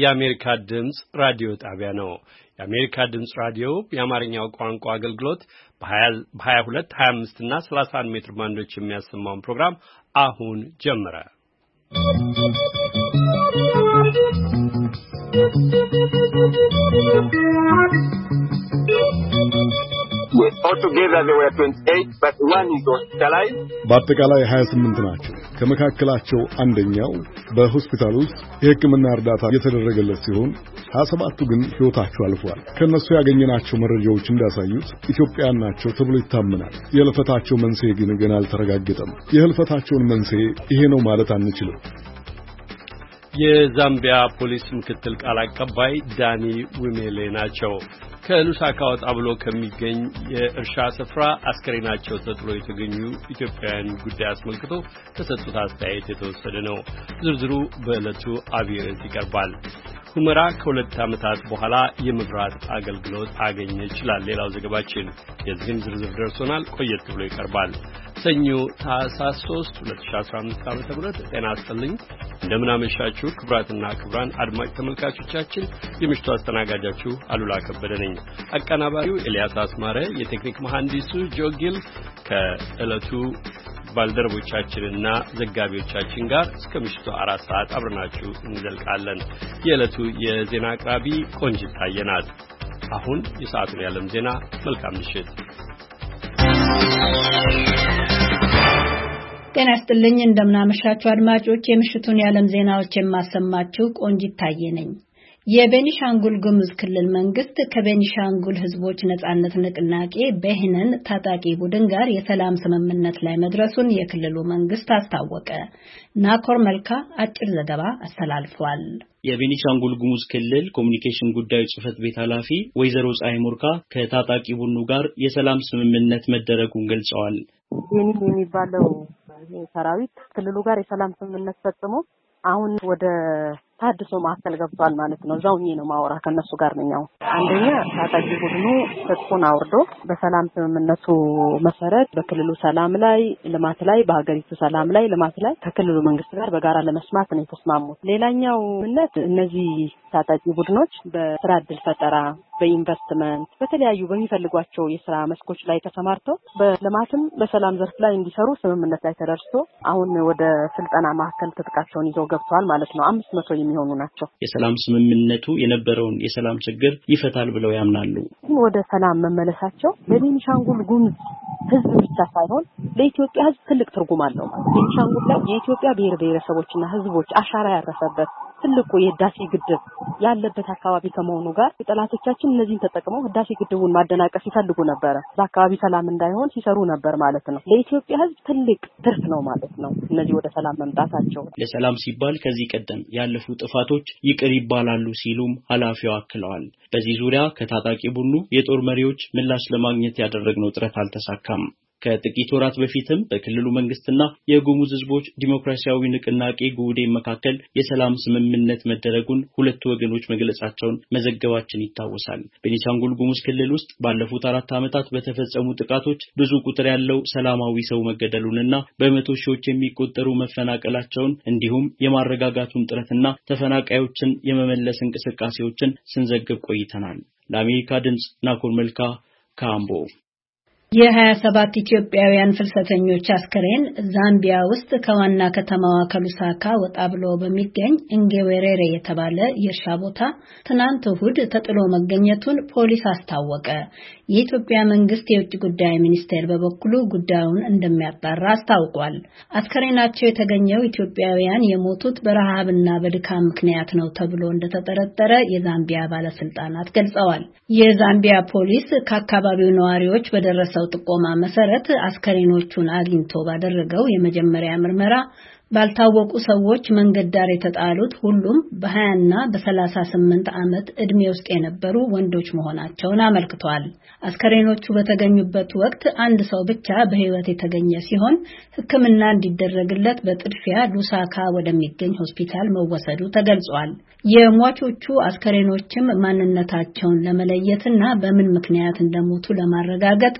የአሜሪካ ድምፅ ራዲዮ ጣቢያ ነው። የአሜሪካ ድምፅ ራዲዮ የአማርኛው ቋንቋ አገልግሎት በ22፣ 25 እና 31 ሜትር ባንዶች የሚያሰማውን ፕሮግራም አሁን ጀመረ። ¶¶ በአጠቃላይ 28 ናቸው። ከመካከላቸው አንደኛው በሆስፒታል ውስጥ የሕክምና እርዳታ የተደረገለት ሲሆን 27ቱ ግን ሕይወታቸው አልፏል። ከእነሱ ያገኘናቸው መረጃዎች እንዳሳዩት ኢትዮጵያን ናቸው ተብሎ ይታመናል። የህልፈታቸው መንስኤ ግን ገና አልተረጋገጠም። የህልፈታቸውን መንስኤ ይሄ ነው ማለት አንችልም። የዛምቢያ ፖሊስ ምክትል ቃል አቀባይ ዳኒ ዊሜሌ ናቸው። ከሉሳ ካወጣ ብሎ ከሚገኝ የእርሻ ስፍራ አስከሬናቸው ተጥሎ የተገኙ ኢትዮጵያውያን ጉዳይ አስመልክቶ ከሰጡት አስተያየት የተወሰደ ነው። ዝርዝሩ በዕለቱ አብይ ይቀርባል። ሁመራ ከሁለት ዓመታት በኋላ የመብራት አገልግሎት አገኘ ይችላል ሌላው ዘገባችን የዚህም ዝርዝር ደርሶናል። ቆየት ብሎ ይቀርባል። ሰኞ ታህሳስ 3 2015 ዓ.ም ጤና ይስጥልኝ። እንደምናመሻችሁ ክቡራትና ክቡራን አድማጭ ተመልካቾቻችን የምሽቱ አስተናጋጃችሁ አሉላ ከበደ ነኝ። አቀናባሪው ኤልያስ አስማረ፣ የቴክኒክ መሐንዲሱ ጆጊል ከዕለቱ ባልደረቦቻችንና ዘጋቢዎቻችን ጋር እስከ ምሽቱ አራት ሰዓት አብረናችሁ እንዘልቃለን። የዕለቱ የዜና አቅራቢ ቆንጅት ታየናት አሁን የሰዓቱን የዓለም ዜና። መልካም ምሽት። ጤና ይስጥልኝ እንደምናመሻችሁ አድማጮች፣ የምሽቱን የዓለም ዜናዎች የማሰማችሁ ቆንጂት ታዬ ነኝ። የቤኒሻንጉል ጉሙዝ ክልል መንግስት ከቤኒሻንጉል ሕዝቦች ነጻነት ንቅናቄ በህነን ታጣቂ ቡድን ጋር የሰላም ስምምነት ላይ መድረሱን የክልሉ መንግስት አስታወቀ። ናኮር መልካ አጭር ዘገባ አስተላልፏል። የቤኒሻንጉል ጉሙዝ ክልል ኮሚኒኬሽን ጉዳዮች ጽህፈት ቤት ኃላፊ ወይዘሮ ፀሐይ ሙርካ ከታጣቂ ቡድኑ ጋር የሰላም ስምምነት መደረጉን ገልጸዋል። የሚባለው ይሄ ሰራዊት ክልሉ ጋር የሰላም ስምምነት ፈጽሞ አሁን ወደ ታድሶ ማዕከል ገብቷል ማለት ነው። እዛው ነው ማወራ ከነሱ ጋር ነኝ። አንደኛ ታጣቂ ቡድኑ ትጥቁን አውርዶ በሰላም ስምምነቱ መሰረት በክልሉ ሰላም ላይ ልማት ላይ በሀገሪቱ ሰላም ላይ ልማት ላይ ከክልሉ መንግስት ጋር በጋራ ለመስማት ነው የተስማሙት። ሌላኛው ምነት እነዚህ ታጣቂ ቡድኖች በስራ እድል ፈጠራ፣ በኢንቨስትመንት፣ በተለያዩ በሚፈልጓቸው የስራ መስኮች ላይ ተሰማርተው በልማትም በሰላም ዘርፍ ላይ እንዲሰሩ ስምምነት ላይ ተደርሶ አሁን ወደ ስልጠና ማዕከል ትጥቃቸውን ይዘው ገብተዋል ማለት ነው አምስት መቶ የሚሆኑ ናቸው። የሰላም ስምምነቱ የነበረውን የሰላም ችግር ይፈታል ብለው ያምናሉ። ወደ ሰላም መመለሳቸው ለቤኒሻንጉል ጉምዝ ህዝብ ብቻ ሳይሆን ለኢትዮጵያ ህዝብ ትልቅ ትርጉም አለው። ቤኒሻንጉል ላይ የኢትዮጵያ ብሔር ብሔረሰቦችና ህዝቦች አሻራ ያረፈበት ትልቁ የህዳሴ ግድብ ያለበት አካባቢ ከመሆኑ ጋር ጠላቶቻችን እነዚህን ተጠቅመው ህዳሴ ግድቡን ማደናቀፍ ይፈልጉ ነበረ። በአካባቢ ሰላም እንዳይሆን ሲሰሩ ነበር ማለት ነው። ለኢትዮጵያ ህዝብ ትልቅ ትርፍ ነው ማለት ነው። እነዚህ ወደ ሰላም መምጣታቸው ለሰላም ሲባል ከዚህ ቀደም ያለፉ ጥፋቶች ይቅር ይባላሉ ሲሉም ኃላፊው አክለዋል። በዚህ ዙሪያ ከታጣቂ ቡድኑ የጦር መሪዎች ምላሽ ለማግኘት ያደረግነው ጥረት አልተሳካም። ከጥቂት ወራት በፊትም በክልሉ መንግስትና የጉሙዝ ህዝቦች ዲሞክራሲያዊ ንቅናቄ ጉዴ መካከል የሰላም ስምምነት መደረጉን ሁለቱ ወገኖች መግለጻቸውን መዘገባችን ይታወሳል። በቤኒሻንጉል ጉሙዝ ክልል ውስጥ ባለፉት አራት ዓመታት በተፈጸሙ ጥቃቶች ብዙ ቁጥር ያለው ሰላማዊ ሰው መገደሉንና በመቶ ሺዎች የሚቆጠሩ መፈናቀላቸውን እንዲሁም የማረጋጋቱን ጥረትና ተፈናቃዮችን የመመለስ እንቅስቃሴዎችን ስንዘግብ ቆይተናል። ለአሜሪካ ድምፅ ናኮር መልካ ካምቦ የ27 ኢትዮጵያውያን ፍልሰተኞች አስከሬን ዛምቢያ ውስጥ ከዋና ከተማዋ ከሉሳካ ወጣ ብሎ በሚገኝ እንጌዌሬሬ የተባለ የእርሻ ቦታ ትናንት እሁድ ተጥሎ መገኘቱን ፖሊስ አስታወቀ። የኢትዮጵያ መንግስት የውጭ ጉዳይ ሚኒስቴር በበኩሉ ጉዳዩን እንደሚያጣራ አስታውቋል። አስከሬናቸው የተገኘው ኢትዮጵያውያን የሞቱት በረሃብና በድካም ምክንያት ነው ተብሎ እንደተጠረጠረ የዛምቢያ ባለስልጣናት ገልጸዋል። የዛምቢያ ፖሊስ ከአካባቢው ነዋሪዎች በደረሰ በደረሰው ጥቆማ መሰረት አስከሬኖቹን አግኝቶ ባደረገው የመጀመሪያ ምርመራ ባልታወቁ ሰዎች መንገድ ዳር የተጣሉት ሁሉም በ20ና በ38 ዓመት ዕድሜ ውስጥ የነበሩ ወንዶች መሆናቸውን አመልክቷል። አስከሬኖቹ በተገኙበት ወቅት አንድ ሰው ብቻ በሕይወት የተገኘ ሲሆን ሕክምና እንዲደረግለት በጥድፊያ ሉሳካ ወደሚገኝ ሆስፒታል መወሰዱ ተገልጿል። የሟቾቹ አስከሬኖችም ማንነታቸውን ለመለየትና በምን ምክንያት እንደሞቱ ለማረጋገጥ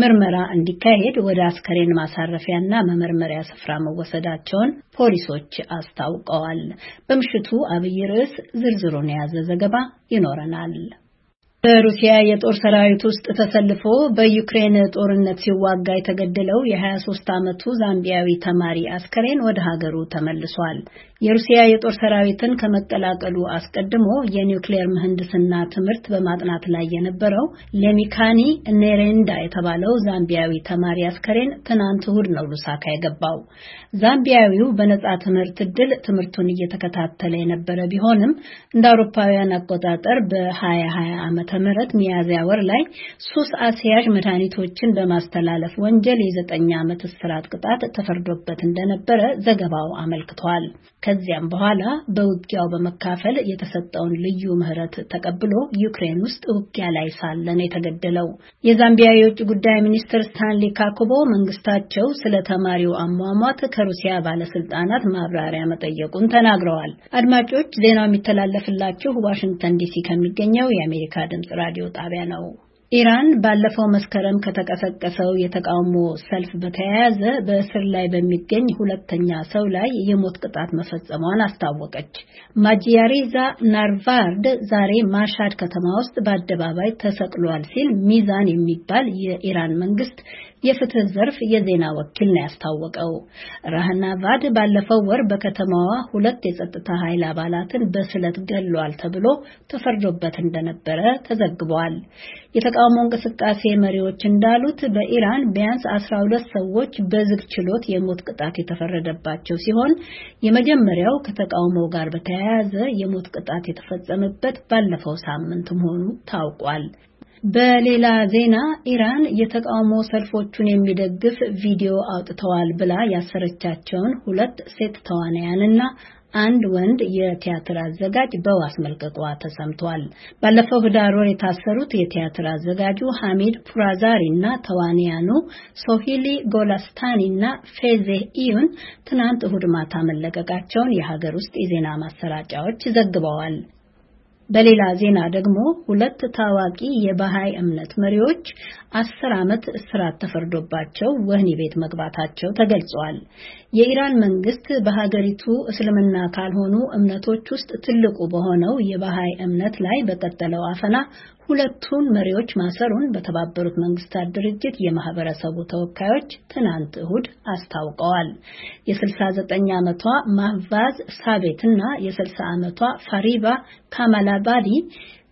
ምርመራ እንዲካሄድ ወደ አስከሬን ማሳረፊያና መመርመሪያ ስፍራ መወሰዳቸውን ፖሊሶች አስታውቀዋል። በምሽቱ አብይ ርዕስ ዝርዝሩን የያዘ ዘገባ ይኖረናል። በሩሲያ የጦር ሰራዊት ውስጥ ተሰልፎ በዩክሬን ጦርነት ሲዋጋ የተገደለው የ23 ዓመቱ ዛምቢያዊ ተማሪ አስከሬን ወደ ሀገሩ ተመልሷል። የሩሲያ የጦር ሰራዊትን ከመቀላቀሉ አስቀድሞ የኒውክሌር ምህንድስና ትምህርት በማጥናት ላይ የነበረው ሌሚካኒ ኔሬንዳ የተባለው ዛምቢያዊ ተማሪ አስከሬን ትናንት እሁድ ነው ሉሳካ የገባው። ዛምቢያዊው በነጻ ትምህርት እድል ትምህርቱን እየተከታተለ የነበረ ቢሆንም እንደ አውሮፓውያን አቆጣጠር በ2020 ዓመተ ምህረት ሚያዝያ ወር ላይ ሱስ አስያዥ መድኃኒቶችን በማስተላለፍ ወንጀል የዘጠኝ ዓመት እስራት ቅጣት ተፈርዶበት እንደነበረ ዘገባው አመልክቷል። ከዚያም በኋላ በውጊያው በመካፈል የተሰጠውን ልዩ ምህረት ተቀብሎ ዩክሬን ውስጥ ውጊያ ላይ ሳለ ነው የተገደለው። የዛምቢያ የውጭ ጉዳይ ሚኒስትር ስታንሊ ካኩቦ መንግስታቸው ስለ ተማሪው አሟሟት ከሩሲያ ባለስልጣናት ማብራሪያ መጠየቁን ተናግረዋል። አድማጮች ዜናው የሚተላለፍላችሁ ዋሽንግተን ዲሲ ከሚገኘው የአሜሪካ ድምጽ ራዲዮ ጣቢያ ነው። ኢራን ባለፈው መስከረም ከተቀሰቀሰው የተቃውሞ ሰልፍ በተያያዘ በእስር ላይ በሚገኝ ሁለተኛ ሰው ላይ የሞት ቅጣት መፈጸሟን አስታወቀች። ማጂያሪዛ ናርቫርድ ዛሬ ማሻድ ከተማ ውስጥ በአደባባይ ተሰቅሏል ሲል ሚዛን የሚባል የኢራን መንግስት የፍትህ ዘርፍ የዜና ወኪል ነው ያስታወቀው። ራህናቫድ ባለፈው ወር በከተማዋ ሁለት የጸጥታ ኃይል አባላትን በስለት ገሏል ተብሎ ተፈርዶበት እንደነበረ ተዘግቧል። የተቃውሞ እንቅስቃሴ መሪዎች እንዳሉት በኢራን ቢያንስ 12 ሰዎች በዝግ ችሎት የሞት ቅጣት የተፈረደባቸው ሲሆን የመጀመሪያው ከተቃውሞው ጋር በተያያዘ የሞት ቅጣት የተፈጸመበት ባለፈው ሳምንት መሆኑ ታውቋል። በሌላ ዜና ኢራን የተቃውሞ ሰልፎቹን የሚደግፍ ቪዲዮ አውጥተዋል ብላ ያሰረቻቸውን ሁለት ሴት ተዋናያንና አንድ ወንድ የቲያትር አዘጋጅ በዋስ መልቀቋ ተሰምቷል። ባለፈው ህዳር ወር የታሰሩት የቲያትር አዘጋጁ ሐሚድ ፑራዛሪ እና ተዋንያኑ ሶሂሊ ጎላስታኒ እና ፌዜህ ኢዩን ትናንት እሁድ ማታ መለቀቃቸውን የሀገር ውስጥ የዜና ማሰራጫዎች ዘግበዋል። በሌላ ዜና ደግሞ ሁለት ታዋቂ የባህይ እምነት መሪዎች አስር ዓመት እስራት ተፈርዶባቸው ወህኒ ቤት መግባታቸው ተገልጿል። የኢራን መንግስት በሀገሪቱ እስልምና ካልሆኑ እምነቶች ውስጥ ትልቁ በሆነው የባህይ እምነት ላይ በቀጠለው አፈና ሁለቱን መሪዎች ማሰሩን በተባበሩት መንግስታት ድርጅት የማህበረሰቡ ተወካዮች ትናንት እሁድ አስታውቀዋል። የ69 ዓመቷ ማህቫዝ ሳቤት እና የ60 ዓመቷ ፋሪባ ካማላባዲ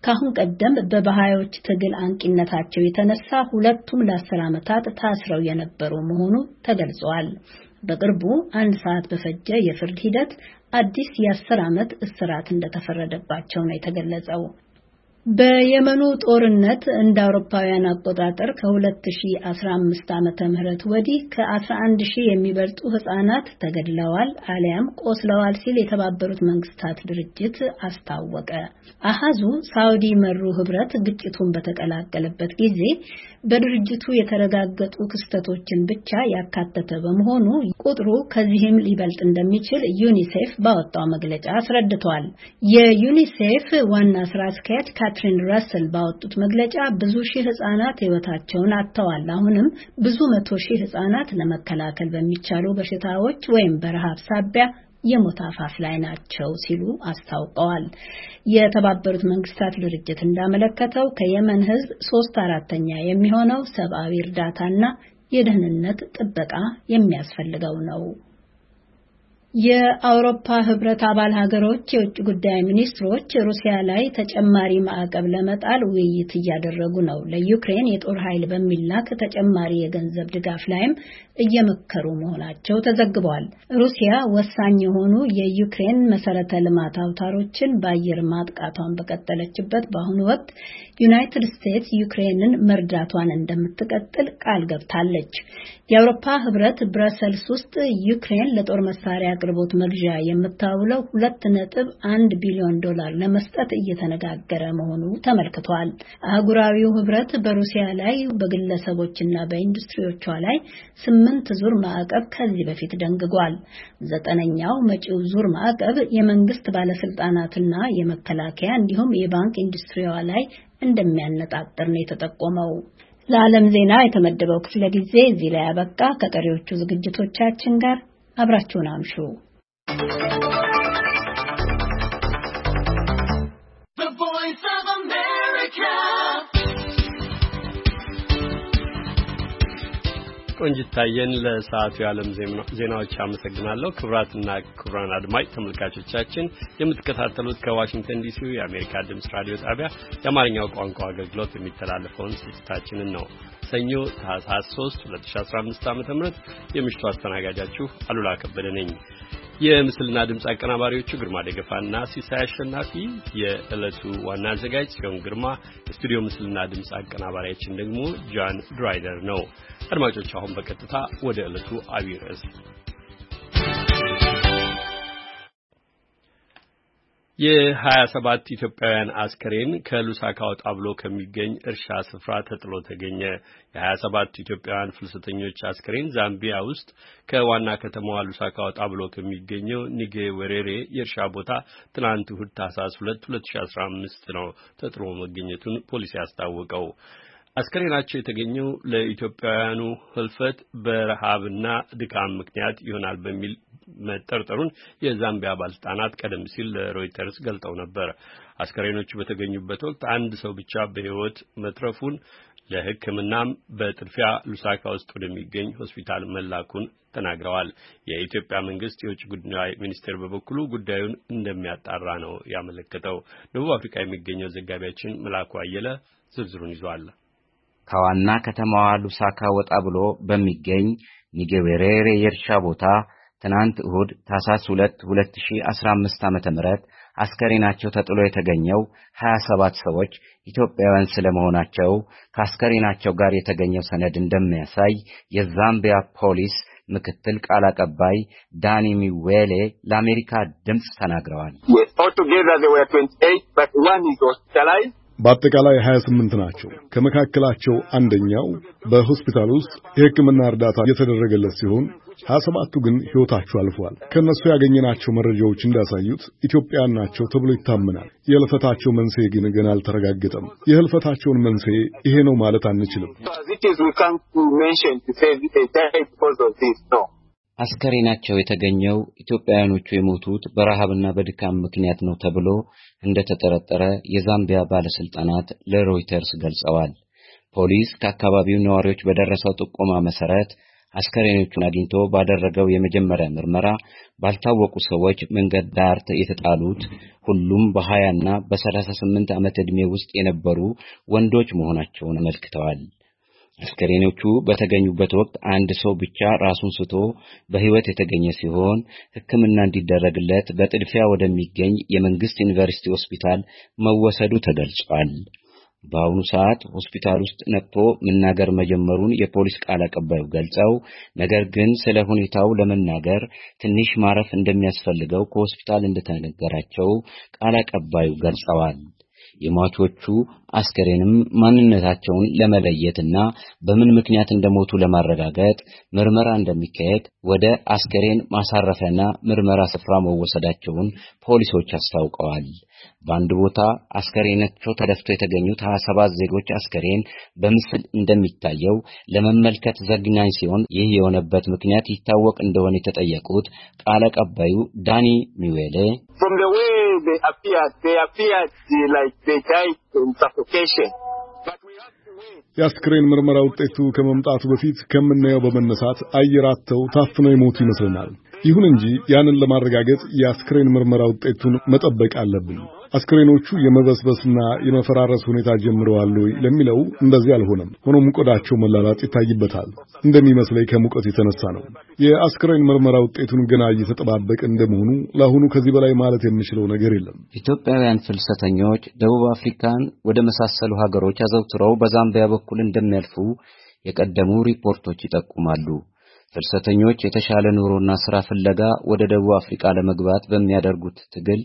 ከአሁን ቀደም በባህዮች ትግል አንቂነታቸው የተነሳ ሁለቱም ለአስር ዓመታት ታስረው የነበሩ መሆኑ ተገልጿል። በቅርቡ አንድ ሰዓት በፈጀ የፍርድ ሂደት አዲስ የአስር ዓመት እስራት እንደተፈረደባቸው ነው የተገለጸው። በየመኑ ጦርነት እንደ አውሮፓውያን አቆጣጠር ከ2015 ዓመተ ምህረት ወዲህ ከ11 ሺህ የሚበልጡ ህጻናት ተገድለዋል አሊያም ቆስለዋል ሲል የተባበሩት መንግስታት ድርጅት አስታወቀ። አሃዙ ሳውዲ መሩ ህብረት ግጭቱን በተቀላቀለበት ጊዜ በድርጅቱ የተረጋገጡ ክስተቶችን ብቻ ያካተተ በመሆኑ ቁጥሩ ከዚህም ሊበልጥ እንደሚችል ዩኒሴፍ ባወጣው መግለጫ አስረድቷል። የዩኒሴፍ ዋና ስራ አስኪያጅ ካትሪን ረስል ባወጡት መግለጫ ብዙ ሺህ ህጻናት ህይወታቸውን አጥተዋል። አሁንም ብዙ መቶ ሺህ ህጻናት ለመከላከል በሚቻሉ በሽታዎች ወይም በረሃብ ሳቢያ የሞት አፋፍ ላይ ናቸው ሲሉ አስታውቀዋል። የተባበሩት መንግስታት ድርጅት እንዳመለከተው ከየመን ህዝብ ሶስት አራተኛ የሚሆነው ሰብአዊ እርዳታና የደህንነት ጥበቃ የሚያስፈልገው ነው። የአውሮፓ ህብረት አባል ሀገሮች የውጭ ጉዳይ ሚኒስትሮች ሩሲያ ላይ ተጨማሪ ማዕቀብ ለመጣል ውይይት እያደረጉ ነው። ለዩክሬን የጦር ኃይል በሚላክ ተጨማሪ የገንዘብ ድጋፍ ላይም እየመከሩ መሆናቸው ተዘግበዋል። ሩሲያ ወሳኝ የሆኑ የዩክሬን መሰረተ ልማት አውታሮችን በአየር ማጥቃቷን በቀጠለችበት በአሁኑ ወቅት ዩናይትድ ስቴትስ ዩክሬንን መርዳቷን እንደምትቀጥል ቃል ገብታለች። የአውሮፓ ህብረት ብረሰልስ ውስጥ ዩክሬን ለጦር መሳሪያ አቅርቦት መግዣ የምታውለው ሁለት ነጥብ አንድ ቢሊዮን ዶላር ለመስጠት እየተነጋገረ መሆኑ ተመልክቷል። አህጉራዊው ህብረት በሩሲያ ላይ በግለሰቦችና በኢንዱስትሪዎቿ ላይ ስምንት ዙር ማዕቀብ ከዚህ በፊት ደንግጓል። ዘጠነኛው መጪው ዙር ማዕቀብ የመንግስት ባለስልጣናትና የመከላከያ እንዲሁም የባንክ ኢንዱስትሪዋ ላይ እንደሚያነጣጥር ነው የተጠቆመው። ለዓለም ዜና የተመደበው ክፍለ ጊዜ እዚህ ላይ አበቃ። ከቀሪዎቹ ዝግጅቶቻችን ጋር አብራችሁን አምሹ። ቆንጅታየን ለሰዓቱ የዓለም ዜናዎች አመሰግናለሁ። ክቡራትና ክቡራን አድማጭ ተመልካቾቻችን የምትከታተሉት ከዋሽንግተን ዲሲ የአሜሪካ ድምፅ ራዲዮ ጣቢያ የአማርኛው ቋንቋ አገልግሎት የሚተላለፈውን ስርጭታችንን ነው። ሰኞ ታህሳስ 3 2015 ዓ.ም የምሽቱ አስተናጋጃችሁ አሉላ ከበደ ነኝ። የምስልና ድምፅ አቀናባሪዎቹ ግርማ ደገፋና ሲሳይ አሸናፊ፣ የዕለቱ ዋና አዘጋጅ ሲሆን ግርማ፣ የስቱዲዮ ምስልና ድምፅ አቀናባሪያችን ደግሞ ጃን ድራይደር ነው። አድማጮች አሁን በቀጥታ ወደ ዕለቱ አብይ ርዕስ የ ሰባት ኢትዮጵያውያን አስከሬን ከሉሳካ ወጣ ብሎ ከሚገኝ እርሻ ስፍራ ተጥሎ ተገኘ። የ የ27 ኢትዮጵያውያን ፍልሰተኞች አስከሬን ዛምቢያ ውስጥ ከዋና ከተማዋ ሉሳካ ወጣ ብሎ ከሚገኘው ኒጌ ወሬሬ የእርሻ ቦታ ትናንት እሁድ ታህሳስ ሁለት ነው ተጥሎ መገኘቱን ፖሊስ ያስታወቀው። አስከሬናቸው የተገኘው ለኢትዮጵያውያኑ ህልፈት በረሃብና ድካም ምክንያት ይሆናል በሚል መጠርጠሩን የዛምቢያ ባለስልጣናት ቀደም ሲል ለሮይተርስ ገልጠው ነበር። አስከሬኖቹ በተገኙበት ወቅት አንድ ሰው ብቻ በሕይወት መትረፉን ለሕክምናም በጥድፊያ ሉሳካ ውስጥ ወደሚገኝ ሆስፒታል መላኩን ተናግረዋል። የኢትዮጵያ መንግስት የውጭ ጉዳይ ሚኒስቴር በበኩሉ ጉዳዩን እንደሚያጣራ ነው ያመለከተው። ደቡብ አፍሪካ የሚገኘው ዘጋቢያችን መላኩ አየለ ዝርዝሩን ይዟል። ከዋና ከተማዋ ሉሳካ ወጣ ብሎ በሚገኝ ኒጌቤሬሬ የእርሻ ቦታ ትናንት እሁድ ታሳስ 2 2015 ዓመተ ምህረት አስከሬናቸው ተጥሎ የተገኘው 27 ሰዎች ኢትዮጵያውያን ስለመሆናቸው ከአስከሬናቸው ጋር የተገኘው ሰነድ እንደሚያሳይ የዛምቢያ ፖሊስ ምክትል ቃል አቀባይ ዳኒ ሚዌሌ ለአሜሪካ ድምፅ ተናግረዋል። በአጠቃላይ 28 ናቸው። ከመካከላቸው አንደኛው በሆስፒታል ውስጥ የሕክምና እርዳታ የተደረገለት ሲሆን 27ቱ ግን ሕይወታቸው አልፏል። ከእነሱ ያገኘናቸው መረጃዎች እንዳሳዩት ኢትዮጵያን ናቸው ተብሎ ይታመናል። የህልፈታቸው መንስኤ ግን ገና አልተረጋገጠም። የህልፈታቸውን መንስኤ ይሄ ነው ማለት አንችልም። አስከሬናቸው የተገኘው ኢትዮጵያውያኖቹ የሞቱት በረሃብና በድካም ምክንያት ነው ተብሎ እንደተጠረጠረ የዛምቢያ ባለሥልጣናት ለሮይተርስ ገልጸዋል። ፖሊስ ከአካባቢው ነዋሪዎች በደረሰው ጥቆማ መሠረት አስከሬኖቹን አግኝቶ ባደረገው የመጀመሪያ ምርመራ ባልታወቁ ሰዎች መንገድ ዳር የተጣሉት ሁሉም በ በሰላሳ ስምንት በ38 ዓመት ዕድሜ ውስጥ የነበሩ ወንዶች መሆናቸውን አመልክተዋል። አስከሬኖቹ በተገኙበት ወቅት አንድ ሰው ብቻ ራሱን ስቶ በህይወት የተገኘ ሲሆን ሕክምና እንዲደረግለት በጥድፊያ ወደሚገኝ የመንግስት ዩኒቨርሲቲ ሆስፒታል መወሰዱ ተገልጿል። በአሁኑ ሰዓት ሆስፒታል ውስጥ ነቅቶ መናገር መጀመሩን የፖሊስ ቃል አቀባዩ ገልጸው፣ ነገር ግን ስለ ሁኔታው ለመናገር ትንሽ ማረፍ እንደሚያስፈልገው ከሆስፒታል እንደተነገራቸው ቃል አቀባዩ ገልጸዋል። የሟቾቹ አስከሬንም ማንነታቸውን ለመለየትና በምን ምክንያት እንደሞቱ ለማረጋገጥ ምርመራ እንደሚካሄድ ወደ አስከሬን ማሳረፊያና ምርመራ ስፍራ መወሰዳቸውን ፖሊሶች አስታውቀዋል። በአንድ ቦታ አስከሬናቸው ተደፍቶ የተገኙት 27 ዜጎች አስከሬን በምስል እንደሚታየው ለመመልከት ዘግናኝ ሲሆን ይህ የሆነበት ምክንያት ይታወቅ እንደሆነ የተጠየቁት ቃል አቀባዩ ዳኒ ሚዌሌ they appear, They appeared like they died in suffocation. የአስክሬን ምርመራ ውጤቱ ከመምጣቱ በፊት ከምናየው በመነሳት አየር አጥተው ታፍነው የሞቱ ይመስልናል። ይሁን እንጂ ያንን ለማረጋገጥ የአስክሬን ምርመራ ውጤቱን መጠበቅ አለብን። አስክሬኖቹ የመበስበስና የመፈራረስ ሁኔታ ጀምረዋል ለሚለው እንደዚህ አልሆነም። ሆኖም ቆዳቸው መላላጥ ይታይበታል እንደሚመስለኝ ከሙቀት የተነሳ ነው። የአስክሬን ምርመራ ውጤቱን ገና እየተጠባበቀ እንደመሆኑ ለአሁኑ ከዚህ በላይ ማለት የምችለው ነገር የለም። ኢትዮጵያውያን ፍልሰተኞች ደቡብ አፍሪካን ወደ መሳሰሉ ሀገሮች አዘውትረው በዛምቢያ በኩል እንደሚያልፉ የቀደሙ ሪፖርቶች ይጠቁማሉ። ፍልሰተኞች የተሻለ ኑሮና ስራ ፍለጋ ወደ ደቡብ አፍሪካ ለመግባት በሚያደርጉት ትግል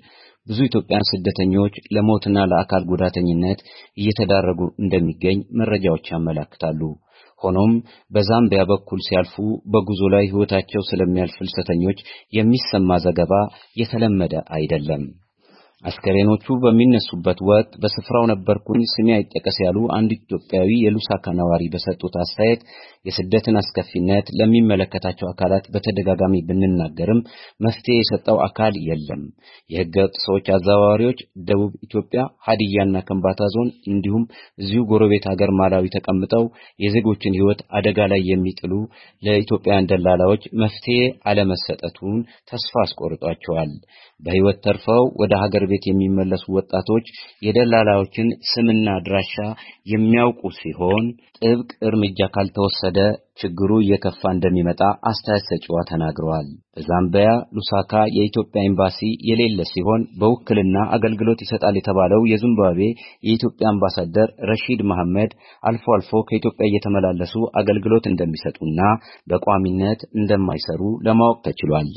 ብዙ ኢትዮጵያን ስደተኞች ለሞትና ለአካል ጉዳተኝነት እየተዳረጉ እንደሚገኝ መረጃዎች ያመላክታሉ። ሆኖም በዛምቢያ በኩል ሲያልፉ በጉዞ ላይ ሕይወታቸው ስለሚያልፍ ፍልሰተኞች የሚሰማ ዘገባ የተለመደ አይደለም። አስከሬኖቹ በሚነሱበት ወቅት በስፍራው ነበርኩኝ ስሜ አይጠቀስ ያሉ አንድ ኢትዮጵያዊ የሉሳካ ነዋሪ በሰጡት አስተያየት የስደትን አስከፊነት ለሚመለከታቸው አካላት በተደጋጋሚ ብንናገርም መፍትሄ የሰጠው አካል የለም። የህገ ወጥ ሰዎች አዘዋዋሪዎች ደቡብ ኢትዮጵያ ሀዲያና ከምባታ ዞን እንዲሁም እዚሁ ጎረቤት ሀገር ማላዊ ተቀምጠው የዜጎችን ህይወት አደጋ ላይ የሚጥሉ ለኢትዮጵያውያን ደላላዎች መፍትሄ አለመሰጠቱን ተስፋ አስቆርጧቸዋል። በሕይወት ተርፈው ወደ ሀገር ቤት የሚመለሱ ወጣቶች የደላላዎችን ስምና አድራሻ የሚያውቁ ሲሆን ጥብቅ እርምጃ ካልተወሰደ ችግሩ እየከፋ እንደሚመጣ አስተያየት ሰጪዋ ተናግረዋል። በዛምቢያ ሉሳካ የኢትዮጵያ ኤምባሲ የሌለ ሲሆን በውክልና አገልግሎት ይሰጣል የተባለው የዚምባብዌ የኢትዮጵያ አምባሳደር ረሺድ መሐመድ አልፎ አልፎ ከኢትዮጵያ እየተመላለሱ አገልግሎት እንደሚሰጡና በቋሚነት እንደማይሰሩ ለማወቅ ተችሏል።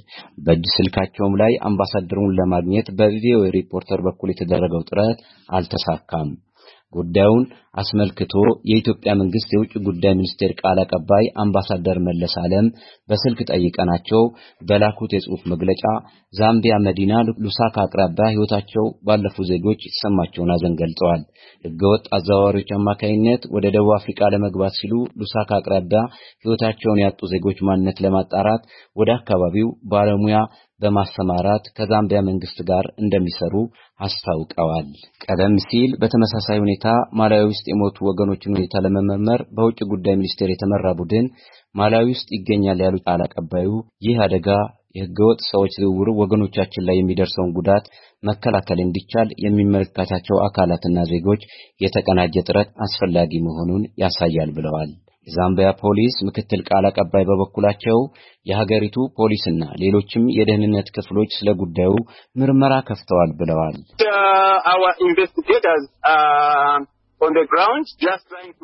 በእጅ ስልካቸውም ላይ አምባሳደሩን ለማግኘት በቪኦኤ ሪፖርተር በኩል የተደረገው ጥረት አልተሳካም። ጉዳዩን አስመልክቶ የኢትዮጵያ መንግስት የውጭ ጉዳይ ሚኒስቴር ቃል አቀባይ አምባሳደር መለስ ዓለም በስልክ ጠይቀናቸው በላኩት የጽሑፍ መግለጫ ዛምቢያ መዲና ሉሳካ አቅራቢያ ሕይወታቸው ባለፉ ዜጎች የተሰማቸውን አዘን ገልጸዋል። ሕገወጥ አዘዋዋሪዎች አማካኝነት ወደ ደቡብ አፍሪካ ለመግባት ሲሉ ሉሳካ አቅራቢያ ሕይወታቸውን ያጡ ዜጎች ማንነት ለማጣራት ወደ አካባቢው ባለሙያ በማሰማራት ከዛምቢያ መንግስት ጋር እንደሚሰሩ አስታውቀዋል። ቀደም ሲል በተመሳሳይ ሁኔታ ማላዊ ውስጥ የሞቱ ወገኖችን ሁኔታ ለመመርመር በውጭ ጉዳይ ሚኒስቴር የተመራ ቡድን ማላዊ ውስጥ ይገኛል ያሉት ቃል አቀባዩ ይህ አደጋ የህገወጥ ሰዎች ዝውውር ወገኖቻችን ላይ የሚደርሰውን ጉዳት መከላከል እንዲቻል የሚመለከታቸው አካላትና ዜጎች የተቀናጀ ጥረት አስፈላጊ መሆኑን ያሳያል ብለዋል። የዛምቢያ ፖሊስ ምክትል ቃል አቀባይ በበኩላቸው የሀገሪቱ ፖሊስና ሌሎችም የደህንነት ክፍሎች ስለ ጉዳዩ ምርመራ ከፍተዋል ብለዋል። uh,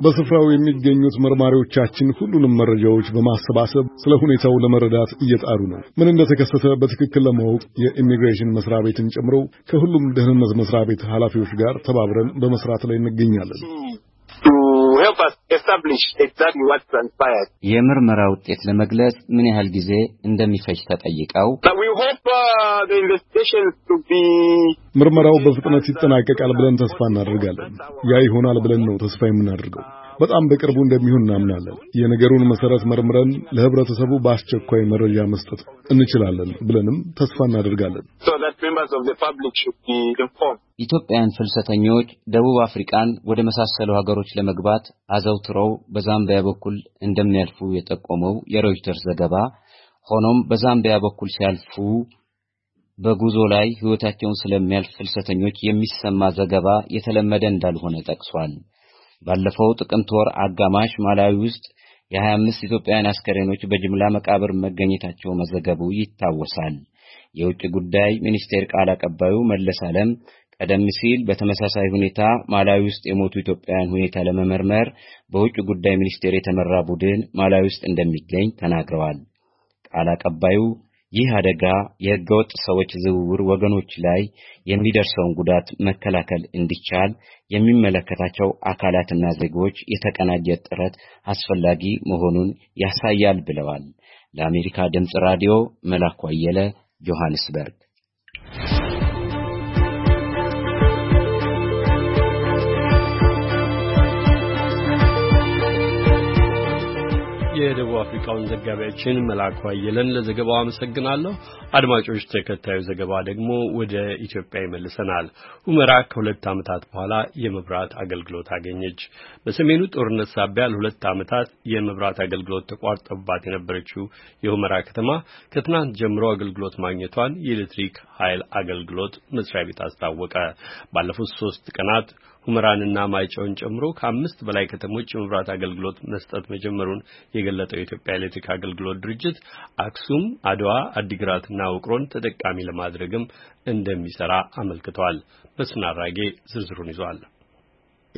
በስፍራው የሚገኙት መርማሪዎቻችን ሁሉንም መረጃዎች በማሰባሰብ ስለ ሁኔታው ለመረዳት እየጣሩ ነው። ምን እንደተከሰተ በትክክል ለማወቅ የኢሚግሬሽን መስሪያ ቤትን ጨምሮ ከሁሉም ደህንነት መስሪያ ቤት ኃላፊዎች ጋር ተባብረን በመስራት ላይ እንገኛለን። የምርመራ ውጤት ለመግለጽ ምን ያህል ጊዜ እንደሚፈጅ ተጠይቀው uh, ምርመራው በፍጥነት ይጠናቀቃል ብለን ተስፋ እናደርጋለን። ያ ይሆናል ብለን ነው ተስፋ የምናደርገው። በጣም በቅርቡ እንደሚሆን እናምናለን። የነገሩን መሰረት መርምረን ለህብረተሰቡ በአስቸኳይ መረጃ መስጠት እንችላለን ብለንም ተስፋ እናደርጋለን። ኢትዮጵያውያን ፍልሰተኞች ደቡብ አፍሪካን ወደ መሳሰሉ ሀገሮች ለመግባት አዘውትረው በዛምቢያ በኩል እንደሚያልፉ የጠቆመው የሮይተርስ ዘገባ ሆኖም በዛምቢያ በኩል ሲያልፉ በጉዞ ላይ ህይወታቸውን ስለሚያልፍ ፍልሰተኞች የሚሰማ ዘገባ የተለመደ እንዳልሆነ ጠቅሷል። ባለፈው ጥቅምት ወር አጋማሽ ማላዊ ውስጥ የ25 ኢትዮጵያውያን አስከሬኖች በጅምላ መቃብር መገኘታቸው መዘገቡ ይታወሳል። የውጭ ጉዳይ ሚኒስቴር ቃል አቀባዩ መለስ ዓለም ቀደም ሲል በተመሳሳይ ሁኔታ ማላዊ ውስጥ የሞቱ ኢትዮጵያውያን ሁኔታ ለመመርመር በውጭ ጉዳይ ሚኒስቴር የተመራ ቡድን ማላዊ ውስጥ እንደሚገኝ ተናግረዋል። ቃል አቀባዩ ይህ አደጋ የህገወጥ ሰዎች ዝውውር ወገኖች ላይ የሚደርሰውን ጉዳት መከላከል እንዲቻል የሚመለከታቸው አካላትና ዜጎች የተቀናጀ ጥረት አስፈላጊ መሆኑን ያሳያል ብለዋል። ለአሜሪካ ድምፅ ራዲዮ መላኩ አየለ ጆሐንስበርግ አፍሪካውን ዘጋቢያችን መላኩ አየለን ለዘገባው አመሰግናለሁ። አድማጮች፣ ተከታዩ ዘገባ ደግሞ ወደ ኢትዮጵያ ይመልሰናል። ሁመራ ከሁለት ዓመታት በኋላ የመብራት አገልግሎት አገኘች። በሰሜኑ ጦርነት ሳቢያ ለሁለት ዓመታት የመብራት አገልግሎት ተቋርጦባት የነበረችው የሁመራ ከተማ ከትናንት ጀምሮ አገልግሎት ማግኘቷን የኤሌክትሪክ ኃይል አገልግሎት መስሪያ ቤት አስታወቀ። ባለፉት ሶስት ቀናት ሁመራንና ማይጨውን ጨምሮ ከአምስት በላይ ከተሞች የመብራት አገልግሎት መስጠት መጀመሩን የገለጠው የኢትዮጵያ ኤሌክትሪክ አገልግሎት ድርጅት አክሱም፣ አድዋ፣ አዲግራትና ውቅሮን ተጠቃሚ ለማድረግም እንደሚሰራ አመልክቷል። መስፍን አራጌ ዝርዝሩን ይዟል።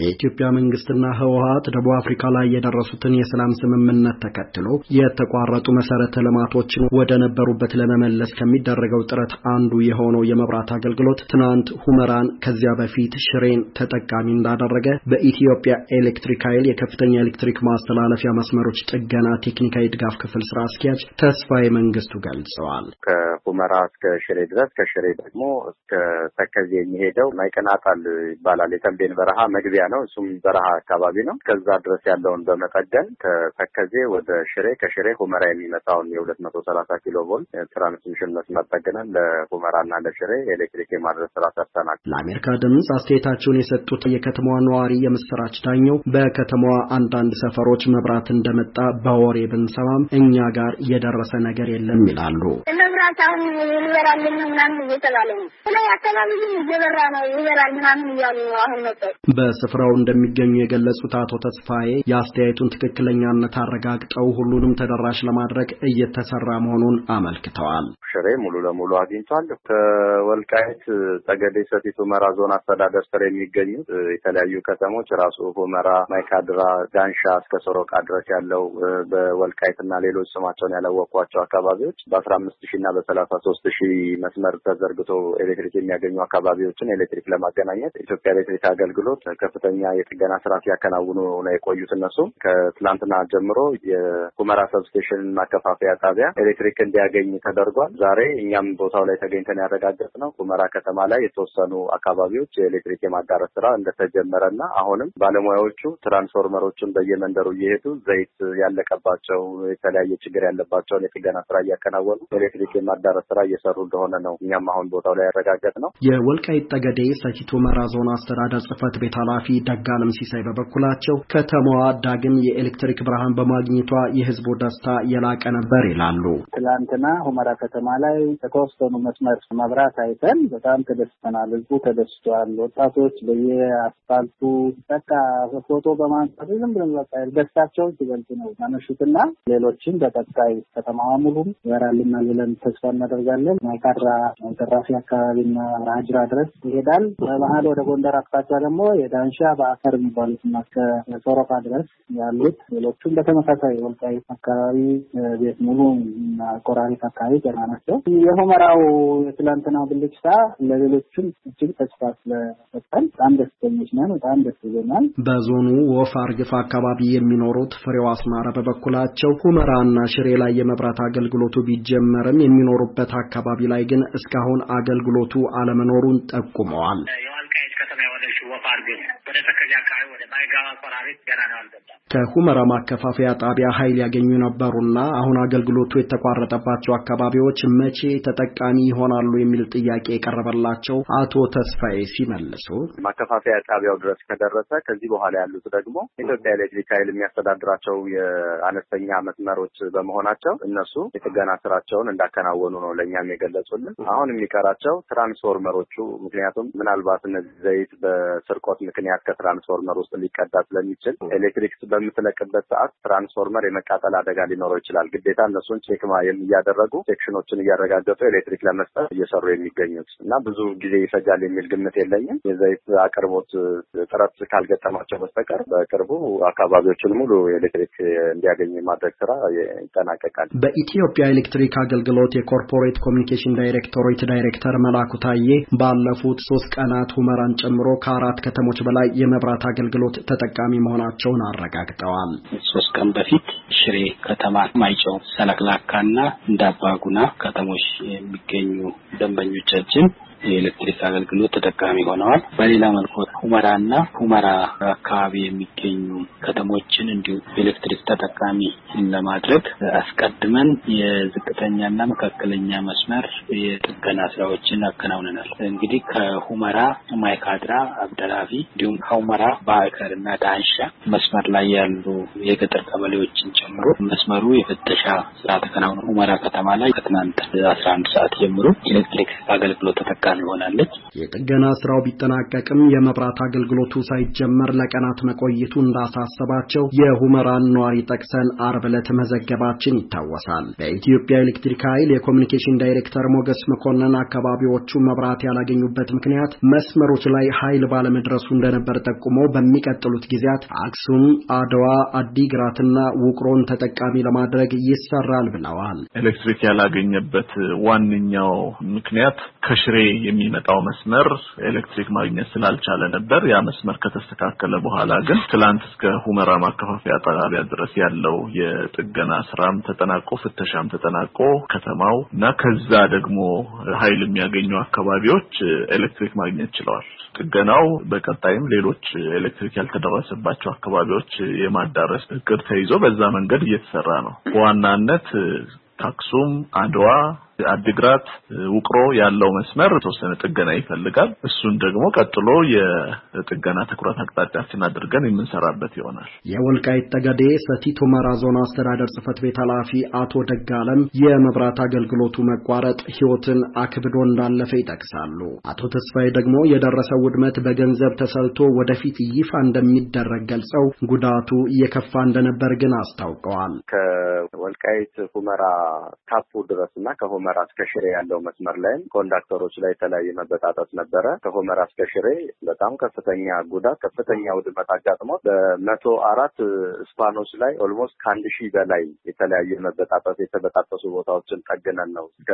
የኢትዮጵያ መንግስትና ህወሀት ደቡብ አፍሪካ ላይ የደረሱትን የሰላም ስምምነት ተከትሎ የተቋረጡ መሰረተ ልማቶችን ወደ ነበሩበት ለመመለስ ከሚደረገው ጥረት አንዱ የሆነው የመብራት አገልግሎት ትናንት ሁመራን ከዚያ በፊት ሽሬን ተጠቃሚ እንዳደረገ በኢትዮጵያ ኤሌክትሪክ ኃይል የከፍተኛ ኤሌክትሪክ ማስተላለፊያ መስመሮች ጥገና ቴክኒካዊ ድጋፍ ክፍል ስራ አስኪያጅ ተስፋዬ መንግስቱ ገልጸዋል። ከሁመራ እስከ ሽሬ ድረስ ከሽሬ ደግሞ እስከ ተከዜ የሚሄደው ማይቀናታል ይባላል የተንቤን በረሃ መግቢያ ነው። እሱም በረሃ አካባቢ ነው። ከዛ ድረስ ያለውን በመጠገን ከተከዜ ወደ ሽሬ ከሽሬ ሁመራ የሚመጣውን የሁለት መቶ ሰላሳ ኪሎ ቮልት ትራንስሚሽን መስመር ጠግነን ለሁመራና ለሽሬ ኤሌክትሪክ የማድረስ ስራ ሰርተናል። ለአሜሪካ ድምጽ አስተያየታቸውን የሰጡት የከተማዋ ነዋሪ የምስራች ዳኘው በከተማዋ አንዳንድ ሰፈሮች መብራት እንደመጣ በወሬ ብንሰማም እኛ ጋር የደረሰ ነገር የለም ይላሉ። መብራት አሁን ይበራል ምናምን እየተባለ ነው። አካባቢ ግን እየበራ ነው ይበራል ምናምን እያሉ አሁን መጠ በስፍራው እንደሚገኙ የገለጹት አቶ ተስፋዬ የአስተያየቱን ትክክለኛነት አረጋግጠው ሁሉንም ተደራሽ ለማድረግ እየተሰራ መሆኑን አመልክተዋል። ሽሬ ሙሉ ለሙሉ አግኝቷል። ከወልቃይት ጠገዴ፣ ሰቲት ሁመራ ዞን አስተዳደር ስር የሚገኙት የተለያዩ ከተሞች ራሱ ሁመራ፣ ማይካድራ፣ ዳንሻ እስከ ሶሮቃ ድረስ ያለው በወልቃይትና ሌሎች ስማቸውን ያላወቅኳቸው አካባቢዎች በአስራ አምስት ሺ እና በሰላሳ ሶስት ሺ መስመር ተዘርግቶ ኤሌክትሪክ የሚያገኙ አካባቢዎችን ኤሌክትሪክ ለማገናኘት ኢትዮጵያ ኤሌክትሪክ አገልግሎት ከፍተ ከፍተኛ የጥገና ስራ ሲያከናውኑ ነው የቆዩት። እነሱ ከትላንትና ጀምሮ የሁመራ ሰብስቴሽን ማከፋፈያ ጣቢያ ኤሌክትሪክ እንዲያገኝ ተደርጓል። ዛሬ እኛም ቦታው ላይ ተገኝተን ያረጋገጥ ነው ሁመራ ከተማ ላይ የተወሰኑ አካባቢዎች የኤሌክትሪክ የማዳረስ ስራ እንደተጀመረና አሁንም ባለሙያዎቹ ትራንስፎርመሮችን በየመንደሩ እየሄዱ ዘይት ያለቀባቸው የተለያየ ችግር ያለባቸውን የጥገና ስራ እያከናወኑ ኤሌክትሪክ የማዳረስ ስራ እየሰሩ እንደሆነ ነው እኛም አሁን ቦታው ላይ ያረጋገጥ ነው። የወልቃይት ጠገዴ ሰቲት ሁመራ ዞን አስተዳደር ጽህፈት ቤት ኃላፊ ኃላፊ ደጋለም ሲሳይ በበኩላቸው ከተማዋ ዳግም የኤሌክትሪክ ብርሃን በማግኘቷ የህዝቡ ደስታ የላቀ ነበር ይላሉ። ትላንትና ሁመራ ከተማ ላይ ከተወሰኑ መስመር መብራት አይተን በጣም ተደስተናል። ህዝቡ ተደስቷል። ወጣቶች በየአስፋልቱ በቃ ፎቶ በማንሳት ዝም ብለን በቃ ደስታቸውን ሲገልጽ ነው ያመሹትና ሌሎችም በቀጣይ ከተማዋ ሙሉም ይበራልና ብለን ተስፋ እናደርጋለን። ማይካድራ ተራፊ አካባቢና ራጅራ ድረስ ይሄዳል። በመሀል ወደ ጎንደር አቅጣጫ ደግሞ የዳንሻ መጨረሻ በአፈር የሚባሉትና እስከ ሶሮቃ ድረስ ያሉት ሌሎቹም በተመሳሳይ ወልቃይት አካባቢ ቤት ሙሉ እና ቆራሪት አካባቢ ገና ናቸው። የሁመራው የትላንትናው ብልጭታ ለሌሎችም እጅግ ተስፋ ስለሰጠን በጣም ደስተኞች ነን። በጣም ደስ ይዘናል። በዞኑ ወፍ አርግፍ አካባቢ የሚኖሩት ፍሬው አስማረ በበኩላቸው ሁመራ ሁመራና ሽሬ ላይ የመብራት አገልግሎቱ ቢጀመርም የሚኖሩበት አካባቢ ላይ ግን እስካሁን አገልግሎቱ አለመኖሩን ጠቁመዋል። ፓርክ ግን ወደ ተከዜ አካባቢ ወደ ማይጋባ ቆራሪት ገና ነው አልገባ ከሁመራ ማከፋፈያ ጣቢያ ኃይል ያገኙ ነበሩና አሁን አገልግሎቱ የተቋረጠባቸው አካባቢዎች መቼ ተጠቃሚ ይሆናሉ የሚል ጥያቄ የቀረበላቸው አቶ ተስፋዬ ሲመልሱ ማከፋፈያ ጣቢያው ድረስ ከደረሰ ከዚህ በኋላ ያሉት ደግሞ ኢትዮጵያ ኤሌክትሪክ ኃይል የሚያስተዳድራቸው የአነስተኛ መስመሮች በመሆናቸው እነሱ የጥገና ስራቸውን እንዳከናወኑ ነው ለእኛም የገለጹልን። አሁን የሚቀራቸው ትራንስፎርመሮቹ ምክንያቱም ምናልባት እነዚህ ዘይት በስርቆት ምክንያት ከትራንስፎርመር ውስጥ ሊቀዳ ስለሚችል ኤሌክትሪክ በምትለቅበት ሰዓት ትራንስፎርመር የመቃጠል አደጋ ሊኖረው ይችላል። ግዴታ እነሱን ቼክ እያደረጉ ሴክሽኖችን እያረጋገጡ ኤሌክትሪክ ለመስጠት እየሰሩ የሚገኙት እና ብዙ ጊዜ ይፈጃል የሚል ግምት የለኝም። የዘይት አቅርቦት ጥረት ካልገጠማቸው በስተቀር በቅርቡ አካባቢዎችን ሙሉ ኤሌክትሪክ እንዲያገኝ የማድረግ ስራ ይጠናቀቃል። በኢትዮጵያ ኤሌክትሪክ አገልግሎት የኮርፖሬት ኮሚኒኬሽን ዳይሬክቶሬት ዳይሬክተር መላኩ ታዬ ባለፉት ሶስት ቀናት ሁመራን ጨምሮ ከአራት ከተሞች በላይ የመብራት አገልግሎት ተጠቃሚ መሆናቸውን አረጋግጠዋል። አረጋግጠዋል። ሶስት ቀን በፊት ሽሬ ከተማ ማይጨው፣ ሰለክላካና እንዳባጉና ከተሞች የሚገኙ ደንበኞቻችን የኤሌክትሪክ አገልግሎት ተጠቃሚ ሆነዋል። በሌላ መልኩ ሁመራና ሁመራ አካባቢ የሚገኙ ከተሞችን እንዲሁ ኤሌክትሪክ ተጠቃሚ ለማድረግ አስቀድመን የዝቅተኛና መካከለኛ መስመር የጥገና ስራዎችን አከናውነናል። እንግዲህ ከሁመራ ማይካድራ፣ አብደራፊ እንዲሁም ከሁመራ ባህከር እና ዳንሻ መስመር ላይ ያሉ የገጠር ቀበሌዎችን ጨምሮ መስመሩ የፍተሻ ስራ ተከናውነ ሁመራ ከተማ ላይ ከትናንት አስራ አንድ ሰዓት ጀምሮ ኤሌክትሪክ አገልግሎት ተጠቃሚ ተጠቃሚ ሆናለች። የጥገና ስራው ቢጠናቀቅም የመብራት አገልግሎቱ ሳይጀመር ለቀናት መቆየቱ እንዳሳሰባቸው የሁመራን ነዋሪ ጠቅሰን አርብ ዕለት መዘገባችን ይታወሳል። በኢትዮጵያ ኤሌክትሪክ ኃይል የኮሚኒኬሽን ዳይሬክተር ሞገስ መኮንን አካባቢዎቹ መብራት ያላገኙበት ምክንያት መስመሮች ላይ ኃይል ባለመድረሱ እንደነበር ጠቁመው በሚቀጥሉት ጊዜያት አክሱም፣ አድዋ፣ አዲግራትና ውቅሮን ተጠቃሚ ለማድረግ ይሰራል ብለዋል። ኤሌክትሪክ ያላገኘበት ዋነኛው ምክንያት ከሽሬ የሚመጣው መስመር ኤሌክትሪክ ማግኘት ስላልቻለ ነበር። ያ መስመር ከተስተካከለ በኋላ ግን ትላንት እስከ ሁመራ ማከፋፈያ ጣቢያ ድረስ ያለው የጥገና ስራም ተጠናቆ ፍተሻም ተጠናቆ ከተማው እና ከዛ ደግሞ ኃይል የሚያገኙ አካባቢዎች ኤሌክትሪክ ማግኘት ችለዋል። ጥገናው በቀጣይም ሌሎች ኤሌክትሪክ ያልተደረሰባቸው አካባቢዎች የማዳረስ እቅድ ተይዞ በዛ መንገድ እየተሰራ ነው። በዋናነት ታክሱም፣ አድዋ አዲግራት ውቅሮ ያለው መስመር የተወሰነ ጥገና ይፈልጋል። እሱን ደግሞ ቀጥሎ የጥገና ትኩረት አቅጣጫችን አድርገን የምንሰራበት ይሆናል። የወልቃይት ጠገዴ ሰቲት ሁመራ ዞን አስተዳደር ጽህፈት ቤት ኃላፊ አቶ ደጋለም የመብራት አገልግሎቱ መቋረጥ ህይወትን አክብዶ እንዳለፈ ይጠቅሳሉ። አቶ ተስፋዬ ደግሞ የደረሰው ውድመት በገንዘብ ተሰልቶ ወደፊት ይፋ እንደሚደረግ ገልጸው ጉዳቱ እየከፋ እንደነበር ግን አስታውቀዋል። ከወልቃይት ሁመራ ታፑ ድረስ እና ከሆመ ከሆመራ እስከ ሽሬ ያለው መስመር ላይም ኮንዳክተሮች ላይ የተለያየ መበጣጠስ ነበረ። ከሆመራ እስከ ሽሬ በጣም ከፍተኛ ጉዳት፣ ከፍተኛ ውድመት አጋጥሞት በመቶ አራት ስፓኖች ላይ ኦልሞስት ከአንድ ሺህ በላይ የተለያየ መበጣጠስ የተበጣጠሱ ቦታዎችን ጠግነን ነው እስከ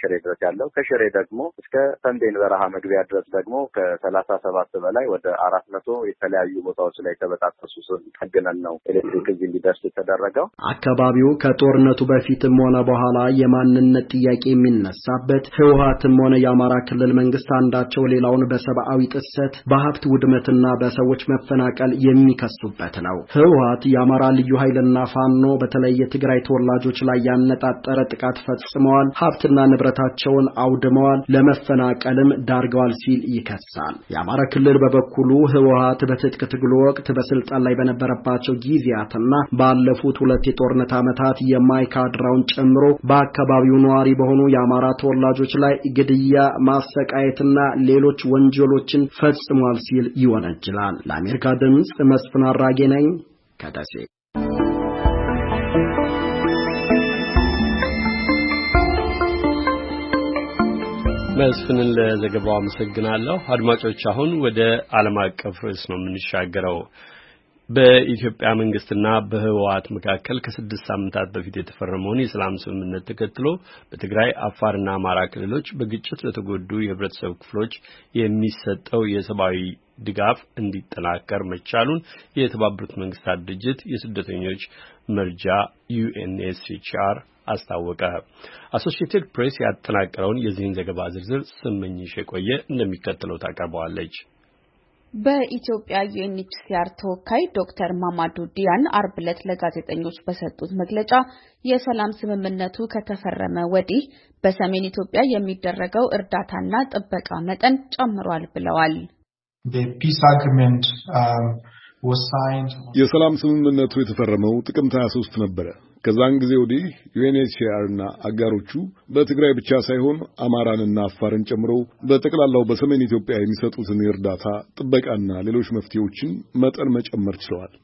ሽሬ ድረስ ያለው። ከሽሬ ደግሞ እስከ ሰንቤን በረሃ መግቢያ ድረስ ደግሞ ከሰላሳ ሰባት በላይ ወደ አራት መቶ የተለያዩ ቦታዎች ላይ የተበጣጠሱ ጠግነን ነው ኤሌክትሪክ እዚህ እንዲደርስ የተደረገው። አካባቢው ከጦርነቱ በፊትም ሆነ በኋላ የማንነት ጥያቄ ጥያቄ የሚነሳበት ህወሀትም ሆነ የአማራ ክልል መንግስት አንዳቸው ሌላውን በሰብአዊ ጥሰት በሀብት ውድመትና በሰዎች መፈናቀል የሚከሱበት ነው። ህወሀት የአማራ ልዩ ኃይልና ፋኖ በተለይ የትግራይ ተወላጆች ላይ ያነጣጠረ ጥቃት ፈጽመዋል፣ ሀብትና ንብረታቸውን አውድመዋል፣ ለመፈናቀልም ዳርገዋል ሲል ይከሳል። የአማራ ክልል በበኩሉ ህወሀት በትጥቅ ትግሉ ወቅት በስልጣን ላይ በነበረባቸው ጊዜያትና ባለፉት ሁለት የጦርነት ዓመታት የማይካድራውን ጨምሮ በአካባቢው ነዋሪ በሆኑ የአማራ ተወላጆች ላይ ግድያ፣ ማሰቃየትና ሌሎች ወንጀሎችን ፈጽሟል ሲል ይወነጅላል። ለአሜሪካ ድምፅ መስፍን አራጌ ነኝ ከደሴ። መስፍንን ለዘገባው አመሰግናለሁ። አድማጮች አሁን ወደ ዓለም አቀፍ ርዕስ ነው የምንሻገረው። በኢትዮጵያ መንግስትና በህወሓት መካከል ከስድስት ሳምንታት በፊት የተፈረመውን የሰላም ስምምነት ተከትሎ በትግራይ አፋርና አማራ ክልሎች በግጭት ለተጎዱ የህብረተሰብ ክፍሎች የሚሰጠው የሰብአዊ ድጋፍ እንዲጠናከር መቻሉን የተባበሩት መንግስታት ድርጅት የስደተኞች መርጃ ዩኤንኤስሲአር አስታወቀ። አሶሺየትድ ፕሬስ ያጠናቀረውን የዚህን ዘገባ ዝርዝር ስመኝሽ የቆየ እንደሚከተለው ታቀርበዋለች። በኢትዮጵያ ዩኤንኤችሲአር ተወካይ ዶክተር ማማዱ ዲያን አርብ ዕለት ለጋዜጠኞች በሰጡት መግለጫ የሰላም ስምምነቱ ከተፈረመ ወዲህ በሰሜን ኢትዮጵያ የሚደረገው እርዳታና ጥበቃ መጠን ጨምሯል ብለዋል። um, የሰላም ስምምነቱ የተፈረመው ጥቅምት 23 ነበረ። ከዛን ጊዜ ወዲህ ዩኤንኤችሲአርና አጋሮቹ በትግራይ ብቻ ሳይሆን አማራንና አፋርን ጨምሮ በጠቅላላው በሰሜን ኢትዮጵያ የሚሰጡትን እርዳታ ጥበቃና ሌሎች መፍትሄዎችን መጠን መጨመር ችለዋል።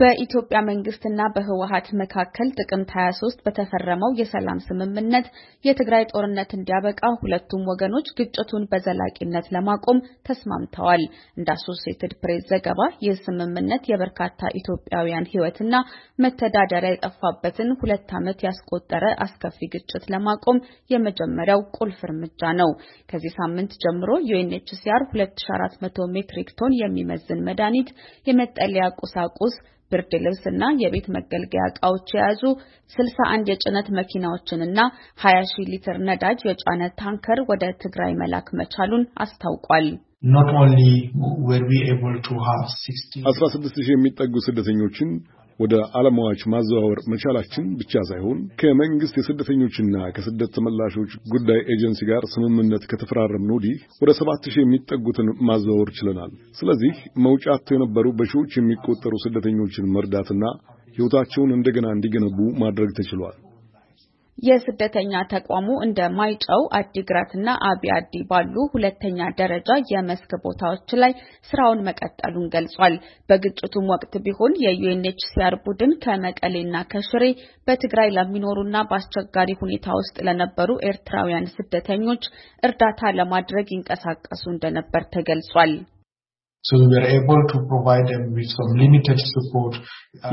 በኢትዮጵያ መንግስትና በህወሀት መካከል ጥቅምት 23 በተፈረመው የሰላም ስምምነት የትግራይ ጦርነት እንዲያበቃ ሁለቱም ወገኖች ግጭቱን በዘላቂነት ለማቆም ተስማምተዋል። እንደ አሶሴትድ ፕሬስ ዘገባ ይህ ስምምነት የበርካታ ኢትዮጵያውያን ህይወትና መተዳደሪያ የጠፋበትን ሁለት ዓመት ያስቆጠረ አስከፊ ግጭት ለማቆም የመጀመሪያው ቁልፍ እርምጃ ነው። ከዚህ ሳምንት ጀምሮ ዩኤንኤችሲአር 2400 ሜትሪክ ቶን የሚመዝን መድኃኒት፣ የመጠለያ ቁሳቁስ ብርድ ልብስና የቤት መገልገያ ዕቃዎች የያዙ 61 የጭነት መኪናዎችንና 20 ሺህ ሊትር ነዳጅ የጫነ ታንከር ወደ ትግራይ መላክ መቻሉን አስታውቋል። አስራ ስድስት ሺህ የሚጠጉ ስደተኞችን ወደ ዓለማዎች ማዘዋወር መቻላችን ብቻ ሳይሆን ከመንግስት የስደተኞችና ከስደት ተመላሾች ጉዳይ ኤጀንሲ ጋር ስምምነት ከተፈራረምን ወዲህ ወደ ሰባት ሺህ የሚጠጉትን ማዘዋወር ችለናል። ስለዚህ መውጫት የነበሩ በሺዎች የሚቆጠሩ ስደተኞችን መርዳትና ሕይወታቸውን እንደገና እንዲገነቡ ማድረግ ተችሏል። የስደተኛ ተቋሙ እንደ ማይጨው አዲግራትና አቢ አዲ ባሉ ሁለተኛ ደረጃ የመስክ ቦታዎች ላይ ስራውን መቀጠሉን ገልጿል። በግጭቱም ወቅት ቢሆን የዩኤንኤችሲአር ቡድን ከመቀሌና ከሽሬ በትግራይ ለሚኖሩና በአስቸጋሪ ሁኔታ ውስጥ ለነበሩ ኤርትራውያን ስደተኞች እርዳታ ለማድረግ ይንቀሳቀሱ እንደነበር ተገልጿል። Uh,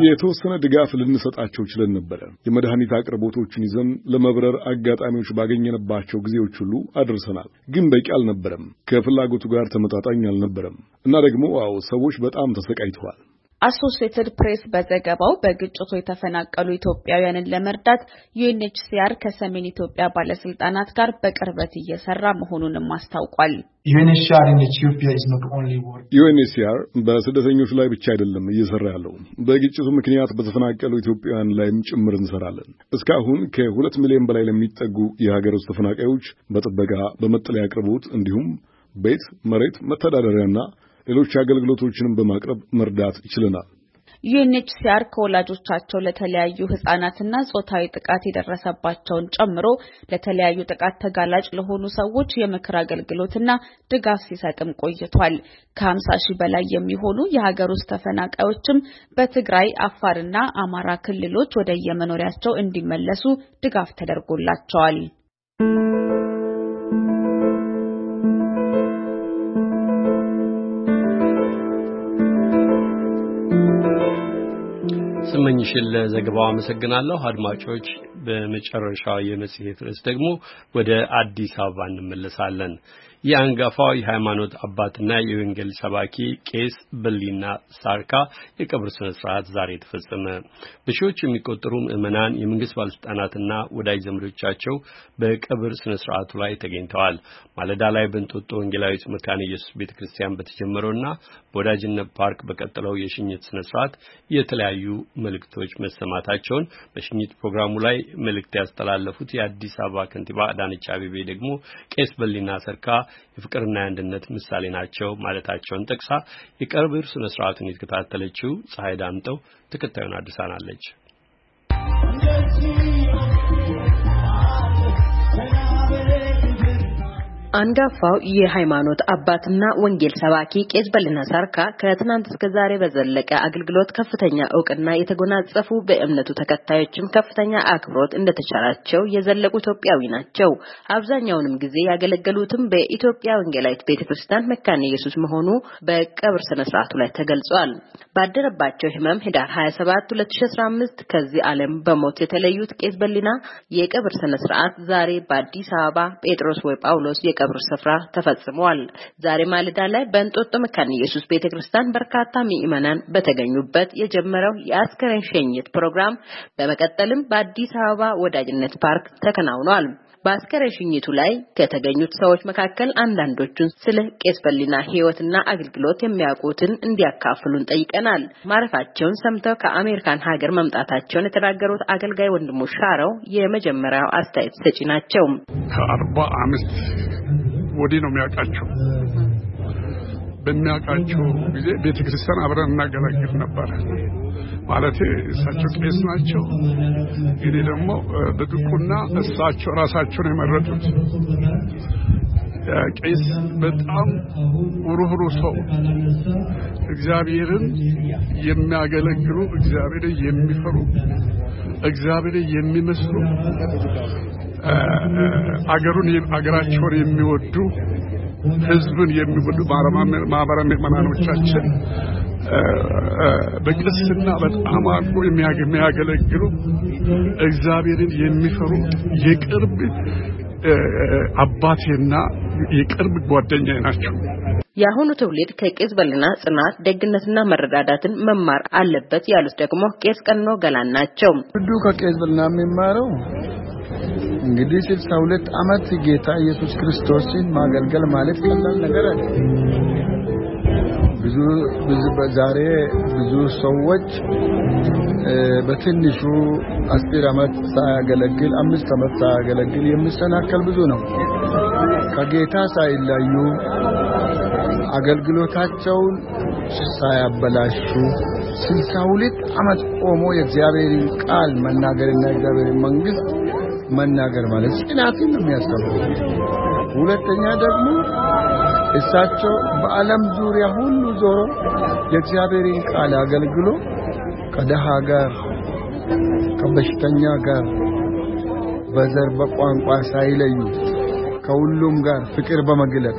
የተወሰነ ድጋፍ ልንሰጣቸው ችለን ነበረ። የመድኃኒት አቅርቦቶችን ይዘን ለመብረር አጋጣሚዎች ባገኘንባቸው ጊዜዎች ሁሉ አድርሰናል። ግን በቂ አልነበረም፣ ከፍላጎቱ ጋር ተመጣጣኝ አልነበረም እና ደግሞ አዎ ሰዎች በጣም ተሰቃይተዋል። አሶሴትድ ፕሬስ በዘገባው በግጭቱ የተፈናቀሉ ኢትዮጵያውያንን ለመርዳት ዩኤንኤችሲአር ከሰሜን ኢትዮጵያ ባለስልጣናት ጋር በቅርበት እየሰራ መሆኑንም አስታውቋል። ዩኤንኤችሲአር በስደተኞች ላይ ብቻ አይደለም እየሰራ ያለው በግጭቱ ምክንያት በተፈናቀሉ ኢትዮጵያውያን ላይም ጭምር እንሰራለን። እስካሁን ከሁለት ሚሊዮን በላይ ለሚጠጉ የሀገር ውስጥ ተፈናቃዮች በጥበቃ በመጠለያ አቅርቦት እንዲሁም ቤት፣ መሬት፣ መተዳደሪያና ሌሎች አገልግሎቶችንም በማቅረብ መርዳት ችለናል። ዩኤንኤችሲአር ከወላጆቻቸው ለተለያዩ ህጻናትና ጾታዊ ጥቃት የደረሰባቸውን ጨምሮ ለተለያዩ ጥቃት ተጋላጭ ለሆኑ ሰዎች የምክር አገልግሎትና ድጋፍ ሲሰጥም ቆይቷል። ከ50 ሺህ በላይ የሚሆኑ የሀገር ውስጥ ተፈናቃዮችም በትግራይ አፋርና አማራ ክልሎች ወደ የመኖሪያቸው እንዲመለሱ ድጋፍ ተደርጎላቸዋል። ስመኝሽን ለዘገባው አመሰግናለሁ። አድማጮች፣ በመጨረሻው የመጽሔት ርዕስ ደግሞ ወደ አዲስ አበባ እንመለሳለን። የአንጋፋው የሃይማኖት አባትና የወንጌል ሰባኪ ቄስ ብሊና ሳርካ የቀብር ስነ ስርዓት ዛሬ ተፈጸመ። በሺዎች የሚቆጠሩ ምዕመናን፣ የመንግስት ባለስልጣናትና ወዳጅ ዘመዶቻቸው በቀብር ስነ ስርዓቱ ላይ ተገኝተዋል። ማለዳ ላይ በእንጦጦ ወንጌላዊት መካነ ኢየሱስ ቤተ ክርስቲያን በተጀመረውና በወዳጅነት ፓርክ በቀጠለው የሽኝት ስነ ስርዓት የተለያዩ መልእክቶች መሰማታቸውን በሽኝት ፕሮግራሙ ላይ መልእክት ያስተላለፉት የአዲስ አበባ ከንቲባ አዳነች አቤቤ ደግሞ ቄስ በሊና ሰርካ የፍቅርና የአንድነት ምሳሌ ናቸው ማለታቸውን ጠቅሳ የቀብር ስነ ስርዓቱን የተከታተለችው ፀሐይ ዳምጠው ተከታዩን አድርሳናለች። አንጋፋው የሃይማኖት አባትና ወንጌል ሰባኪ ቄስ በልና ሳርካ ከትናንት እስከ ዛሬ በዘለቀ አገልግሎት ከፍተኛ እውቅና የተጎናጸፉ በእምነቱ ተከታዮችም ከፍተኛ አክብሮት እንደተቻላቸው የዘለቁ ኢትዮጵያዊ ናቸው። አብዛኛውንም ጊዜ ያገለገሉትም በኢትዮጵያ ወንጌላዊት ቤተክርስቲያን መካነ ኢየሱስ መሆኑ በቀብር ስነ ስርዓቱ ላይ ተገልጿል። ባደረባቸው ህመም ህዳር 27 2015 ከዚህ ዓለም በሞት የተለዩት ቄስ በልና የቀብር ስነ ስርዓት ዛሬ በአዲስ አበባ ጴጥሮስ ወይ ጳውሎስ የቀብር ስፍራ ተፈጽሟል። ዛሬ ማለዳ ላይ በእንጦጦ መካነ ኢየሱስ ቤተክርስቲያን በርካታ ምዕመናን በተገኙበት የጀመረው የአስከሬን ፕሮግራም በመቀጠልም በአዲስ አበባ ወዳጅነት ፓርክ ተከናውኗል። በአስከሬ ሽኝቱ ላይ ከተገኙት ሰዎች መካከል አንዳንዶቹን ስለ ቄስ በሊና ህይወትና አገልግሎት የሚያውቁትን እንዲያካፍሉን ጠይቀናል። ማረፋቸውን ሰምተው ከአሜሪካን ሀገር መምጣታቸውን የተናገሩት አገልጋይ ወንድሙ ሻረው የመጀመሪያው አስተያየት ሰጪ ናቸው። ከአርባ አምስት ወዲህ ነው የሚያውቃቸው በሚያውቃቸው ጊዜ ቤተ ክርስቲያን አብረን እናገለግል ነበረ። ማለት እሳቸው ቄስ ናቸው፣ እኔ ደግሞ በድቁና እሳቸው ራሳቸውን የመረጡት ቄስ በጣም ሩህሩህ ሰው፣ እግዚአብሔርን የሚያገለግሉ እግዚአብሔር የሚፈሩ እግዚአብሔር የሚመስሉ አገሩን አገራቸውን የሚወዱ ህዝብን የሚወዱ ማህበረ ምዕመናኖቻችን በቅስና በጣም አልፎ የሚያገለግሉ እግዚአብሔርን የሚፈሩ የቅርብ አባቴና የቅርብ ጓደኛዬ ናቸው። የአሁኑ ትውልድ ከቄስ በልና ጽናት፣ ደግነትና መረዳዳትን መማር አለበት ያሉት ደግሞ ቄስ ቀኖ ገላን ናቸው። ሁሉ ከቄስ በልና የሚማረው እንግዲህ ስልሳ ሁለት ዓመት ጌታ ኢየሱስ ክርስቶስን ማገልገል ማለት ቀላል ነገር አለ። ብዙ በዛሬ ብዙ ሰዎች በትንሹ አስር ዓመት ሳያገለግል አምስት ዓመት ሳያገለግል የሚሰናከል ብዙ ነው። ከጌታ ሳይለዩ አገልግሎታቸውን ሳያበላሹ ስልሳ ሁለት ዓመት ቆሞ የእግዚአብሔርን ቃል መናገርና የእግዚአብሔርን መንግስት መናገር ማለት ጽናትን ነው የሚያስተምረው። ሁለተኛ ደግሞ እሳቸው በዓለም ዙሪያ ሁሉ ዞሮ የእግዚአብሔርን ቃል አገልግሎ ከደሃ ጋር ከበሽተኛ ጋር በዘር በቋንቋ ሳይለዩ ከሁሉም ጋር ፍቅር በመግለጥ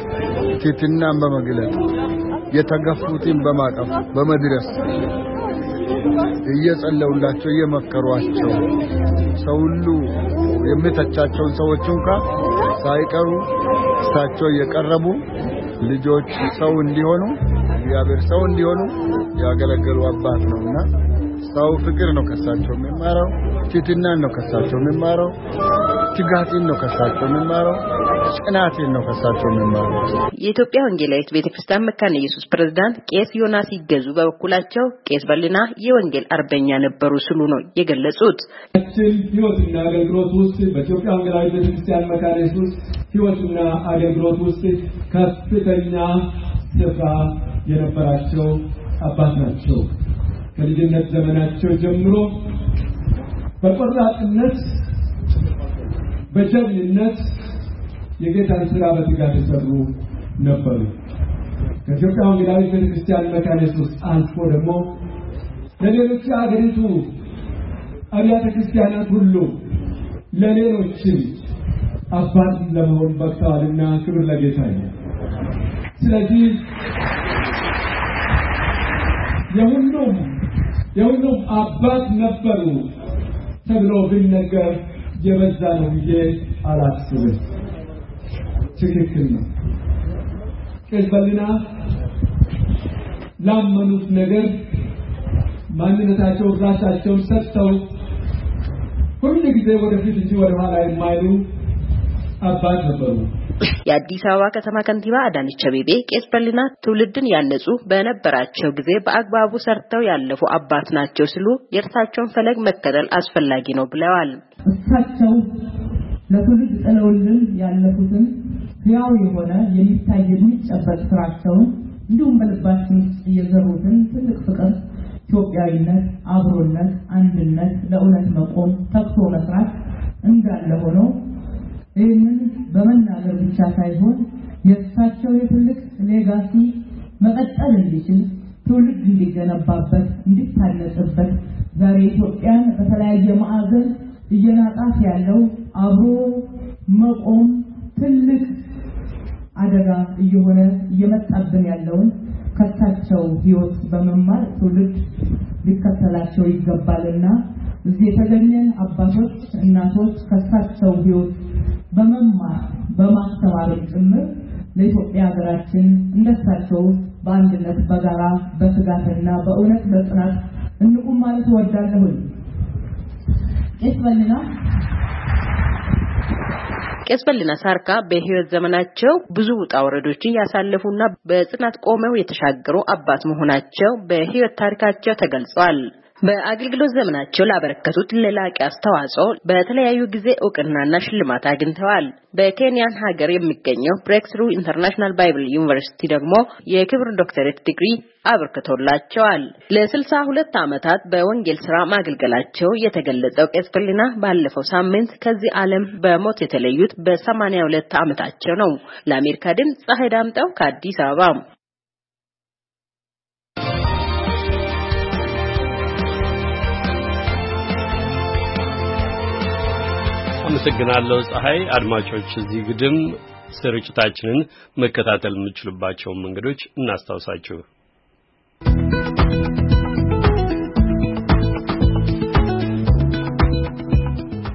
ትሕትናን በመግለጥ የተገፉትን በማቀፍ በመድረስ እየጸለውላቸው እየመከሯቸው ሰው ሁሉ የሚተቻቸውን ሰዎች እንኳ ሳይቀሩ እሳቸው እየቀረቡ ልጆች ሰው እንዲሆኑ እግዚአብሔር ሰው እንዲሆኑ ያገለገሉ አባት ነውና ሰው ፍቅር ነው ከሳቸው የሚማረው፣ ትህትናን ነው ከሳቸው የሚማረው፣ ትጋትን ነው ከሳቸው የሚማረው። ጽናትን ነው ከሳቸው የሚማሩት። የኢትዮጵያ ወንጌላዊት ቤተ ክርስቲያን መካነ ኢየሱስ ፕሬዝዳንት ቄስ ዮናስ ይገዙ በበኩላቸው ቄስ በልና የወንጌል አርበኛ ነበሩ ስሉ ነው የገለጹት። ችን ህይወትና አገልግሎት ውስጥ በኢትዮጵያ ወንጌላዊት ቤተ ክርስቲያን መካነ ኢየሱስ ህይወትና አገልግሎት ውስጥ ከፍተኛ ስፍራ የነበራቸው አባት ናቸው። ከልጅነት ዘመናቸው ጀምሮ በቆራጥነት በጀግንነት የጌታን ስራ በትጋት የሰሩ ነበሩ። ከኢትዮጵያ ወንጌላዊት ቤተክርስቲያን መካነ ኢየሱስ አልፎ ደግሞ ለሌሎች የአገሪቱ አብያተ ክርስቲያናት ሁሉ ለሌሎችም አባት ለመሆን በቅተዋልና ክብር ለጌታ ነው። ስለዚህ የሁሉም የሁሉም አባት ነበሩ ተብሎ ቢነገር የበዛ ነው ብዬ አላስብም። ትክክል ነው። ላመኑት ነገር ማንነታቸው ራሳቸውን ሰጥተው ሁሉ ጊዜ ወደፊት እንጂ ወደ የማይሉ አባት ነበሩ። የአዲስ አበባ ከተማ ከንቲባ አዳነች አቤቤ ቄስ በሊና ትውልድን ያነጹ በነበራቸው ጊዜ በአግባቡ ሰርተው ያለፉ አባት ናቸው ሲሉ የእርሳቸውን ፈለግ መከተል አስፈላጊ ነው ብለዋል። እሳቸው ለትውልድ ጥለውልን ያለፉትን ሕያው የሆነ የሚታይ የሚጨበጥ ስራቸውን እንዲሁም በልባችን ውስጥ የዘሩትን ትልቅ ፍቅር፣ ኢትዮጵያዊነት፣ አብሮነት፣ አንድነት፣ ለእውነት መቆም፣ ተግቶ መስራት እንዳለ ሆኖ ይህንን በመናገር ብቻ ሳይሆን የእሳቸው የትልቅ ሌጋሲ መቀጠል እንዲችል ትውልድ እንዲገነባበት እንዲታነጽበት ዛሬ ኢትዮጵያን በተለያየ ማዕዘን እየናጣት ያለው አብሮ መቆም ትልቅ አደጋ እየሆነ እየመጣብን ያለውን ከሳቸው ህይወት በመማር ትውልድ ሊከተላቸው ይገባልና እዚህ የተገኘን አባቶች፣ እናቶች ከሳቸው ህይወት በመማር በማስተማርም ጭምር ለኢትዮጵያ ሀገራችን እንደሳቸው በአንድነት በጋራ በትጋትና በእውነት በጽናት እንቁም ማለት እወዳለሁኝ። ቄስ በልና ቄስ በሊና ሳርካ በህይወት ዘመናቸው ብዙ ውጣ ወረዶችን ያሳለፉና በጽናት ቆመው የተሻገሩ አባት መሆናቸው በህይወት ታሪካቸው ተገልጿል። በአገልግሎት ዘመናቸው ላበረከቱት ለላቂ አስተዋጽኦ በተለያዩ ጊዜ እውቅናና ሽልማት አግኝተዋል። በኬንያን ሀገር የሚገኘው ብሬክትሩ ኢንተርናሽናል ባይብል ዩኒቨርሲቲ ደግሞ የክብር ዶክተሬት ዲግሪ አበርክቶላቸዋል። ለስልሳ ሁለት ዓመታት በወንጌል ስራ ማገልገላቸው የተገለጸው ቄስ ፍሊና ባለፈው ሳምንት ከዚህ ዓለም በሞት የተለዩት በሰማንያ ሁለት ዓመታቸው ነው። ለአሜሪካ ድምፅ ፀሐይ ዳምጠው ከአዲስ አበባ አመሰግናለሁ ፀሐይ። አድማጮች እዚህ ግድም ስርጭታችንን መከታተል የምትችሉባቸውን መንገዶች እናስታውሳችሁ።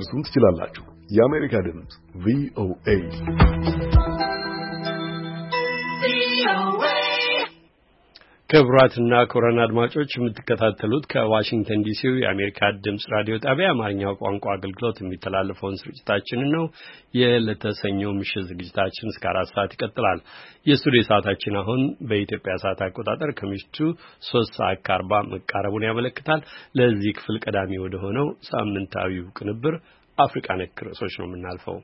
ልታደርሱን ትችላላችሁ። የአሜሪካ ድምፅ ቪኦኤ ክቡራትና ክቡራን አድማጮች የምትከታተሉት ከዋሽንግተን ዲሲው የአሜሪካ ድምፅ ራዲዮ ጣቢያ አማርኛው ቋንቋ አገልግሎት የሚተላለፈውን ስርጭታችንን ነው። የዕለተ ሰኞ ምሽት ዝግጅታችን እስከ አራት ሰዓት ይቀጥላል። የስቱዲዮ ሰዓታችን አሁን በኢትዮጵያ ሰዓት አቆጣጠር ከምሽቱ ሶስት ሰዓት ከአርባ መቃረቡን ያመለክታል። ለዚህ ክፍል ቀዳሚ ወደ ሆነው ሳምንታዊው ቅንብር አፍሪቃ ነክ ርዕሶች ነው የምናልፈው።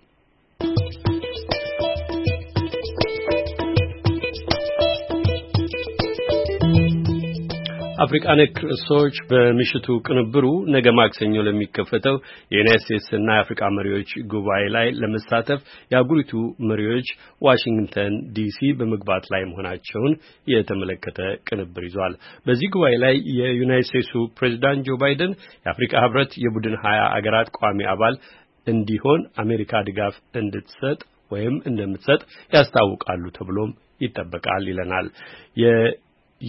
አፍሪቃ ነክ ርዕሶች በምሽቱ ቅንብሩ ነገ ማክሰኞ ለሚከፈተው የዩናይት እና የአፍሪቃ መሪዎች ጉባኤ ላይ ለመሳተፍ የአጉሪቱ መሪዎች ዋሽንግተን ዲሲ በመግባት ላይ መሆናቸውን የተመለከተ ቅንብር ይዟል። በዚህ ጉባኤ ላይ የዩናይት ስቴትሱ ፕሬዚዳንት ጆ ባይደን የአፍሪካ ህብረት የቡድን ሀያ አገራት ቋሚ አባል እንዲሆን አሜሪካ ድጋፍ እንድትሰጥ ወይም እንደምትሰጥ ያስታውቃሉ ተብሎም ይጠበቃል ይለናል።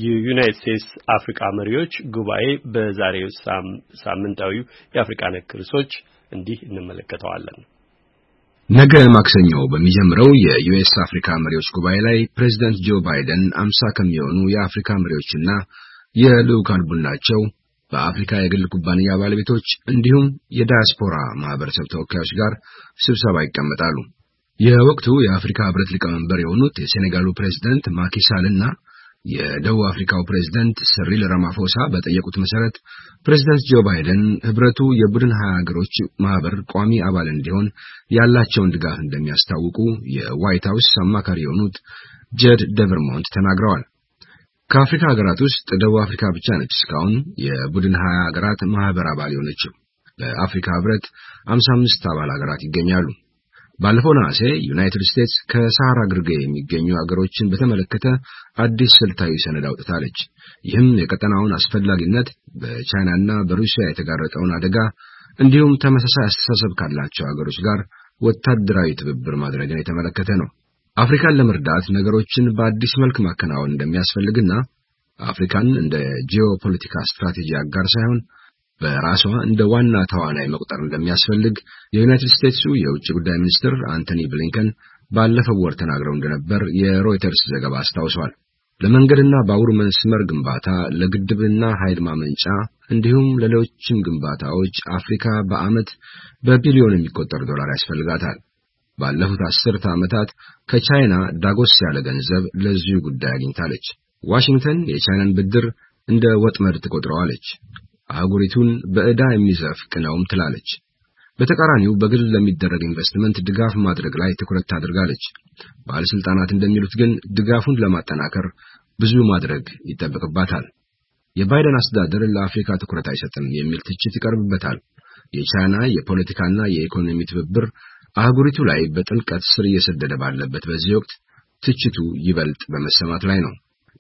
የዩናይት ስቴትስ አፍሪካ መሪዎች ጉባኤ በዛሬው ሳምንታዊ የአፍሪካ ነክ ርዕሶች እንዲህ እንመለከተዋለን። ነገ ማክሰኞ በሚጀምረው የዩኤስ አፍሪካ መሪዎች ጉባኤ ላይ ፕሬዚደንት ጆ ባይደን አምሳ ከሚሆኑ የአፍሪካ መሪዎችና የልዑካን ቡድናቸው በአፍሪካ የግል ኩባንያ ባለቤቶች እንዲሁም የዳያስፖራ ማህበረሰብ ተወካዮች ጋር ስብሰባ ይቀመጣሉ። የወቅቱ የአፍሪካ ህብረት ሊቀመንበር የሆኑት የሴኔጋሉ ፕሬዚደንት ማኪሳልና የደቡብ አፍሪካው ፕሬዝደንት ስሪል ራማፎሳ በጠየቁት መሰረት ፕሬዝደንት ጆ ባይደን ህብረቱ የቡድን ሀያ ሀገሮች ማህበር ቋሚ አባል እንዲሆን ያላቸውን ድጋፍ እንደሚያስታውቁ የዋይት ሀውስ አማካሪ የሆኑት ጀድ ደቨርሞንት ተናግረዋል። ከአፍሪካ ሀገራት ውስጥ ደቡብ አፍሪካ ብቻ ነች እስካሁን የቡድን ሀያ ሀገራት ማህበር አባል የሆነችው። በአፍሪካ ህብረት 55 አባል ሀገራት ይገኛሉ። ባለፈው ነሐሴ ዩናይትድ ስቴትስ ከሳህራ ግርጌ የሚገኙ አገሮችን በተመለከተ አዲስ ስልታዊ ሰነድ አውጥታለች። ይህም የቀጠናውን አስፈላጊነት፣ በቻይናና በሩሲያ የተጋረጠውን አደጋ እንዲሁም ተመሳሳይ አስተሳሰብ ካላቸው አገሮች ጋር ወታደራዊ ትብብር ማድረግን የተመለከተ ነው። አፍሪካን ለመርዳት ነገሮችን በአዲስ መልክ ማከናወን እንደሚያስፈልግና አፍሪካን እንደ ጂኦፖለቲካ ስትራቴጂ አጋር ሳይሆን በራሷ እንደ ዋና ተዋናይ መቁጠር እንደሚያስፈልግ የዩናይትድ ስቴትሱ የውጭ ጉዳይ ሚኒስትር አንቶኒ ብሊንከን ባለፈው ወር ተናግረው እንደነበር የሮይተርስ ዘገባ አስታውሷል። ለመንገድና ባቡር መስመር ግንባታ፣ ለግድብና ኃይል ማመንጫ እንዲሁም ለሌሎችም ግንባታዎች አፍሪካ በዓመት በቢሊዮን የሚቆጠር ዶላር ያስፈልጋታል። ባለፉት አስርተ ዓመታት ከቻይና ዳጎስ ያለ ገንዘብ ለዚሁ ጉዳይ አግኝታለች። ዋሽንግተን የቻይናን ብድር እንደ ወጥመድ ትቆጥረዋለች። አህጉሪቱን በዕዳ የሚዘፍቅ ነውም ትላለች። በተቃራኒው በግል ለሚደረግ ኢንቨስትመንት ድጋፍ ማድረግ ላይ ትኩረት ታደርጋለች። ባለስልጣናት እንደሚሉት ግን ድጋፉን ለማጠናከር ብዙ ማድረግ ይጠበቅባታል። የባይደን አስተዳደር ለአፍሪካ ትኩረት አይሰጥም የሚል ትችት ይቀርብበታል። የቻይና የፖለቲካና የኢኮኖሚ ትብብር አህጉሪቱ ላይ በጥልቀት ስር እየሰደደ ባለበት በዚህ ወቅት ትችቱ ይበልጥ በመሰማት ላይ ነው።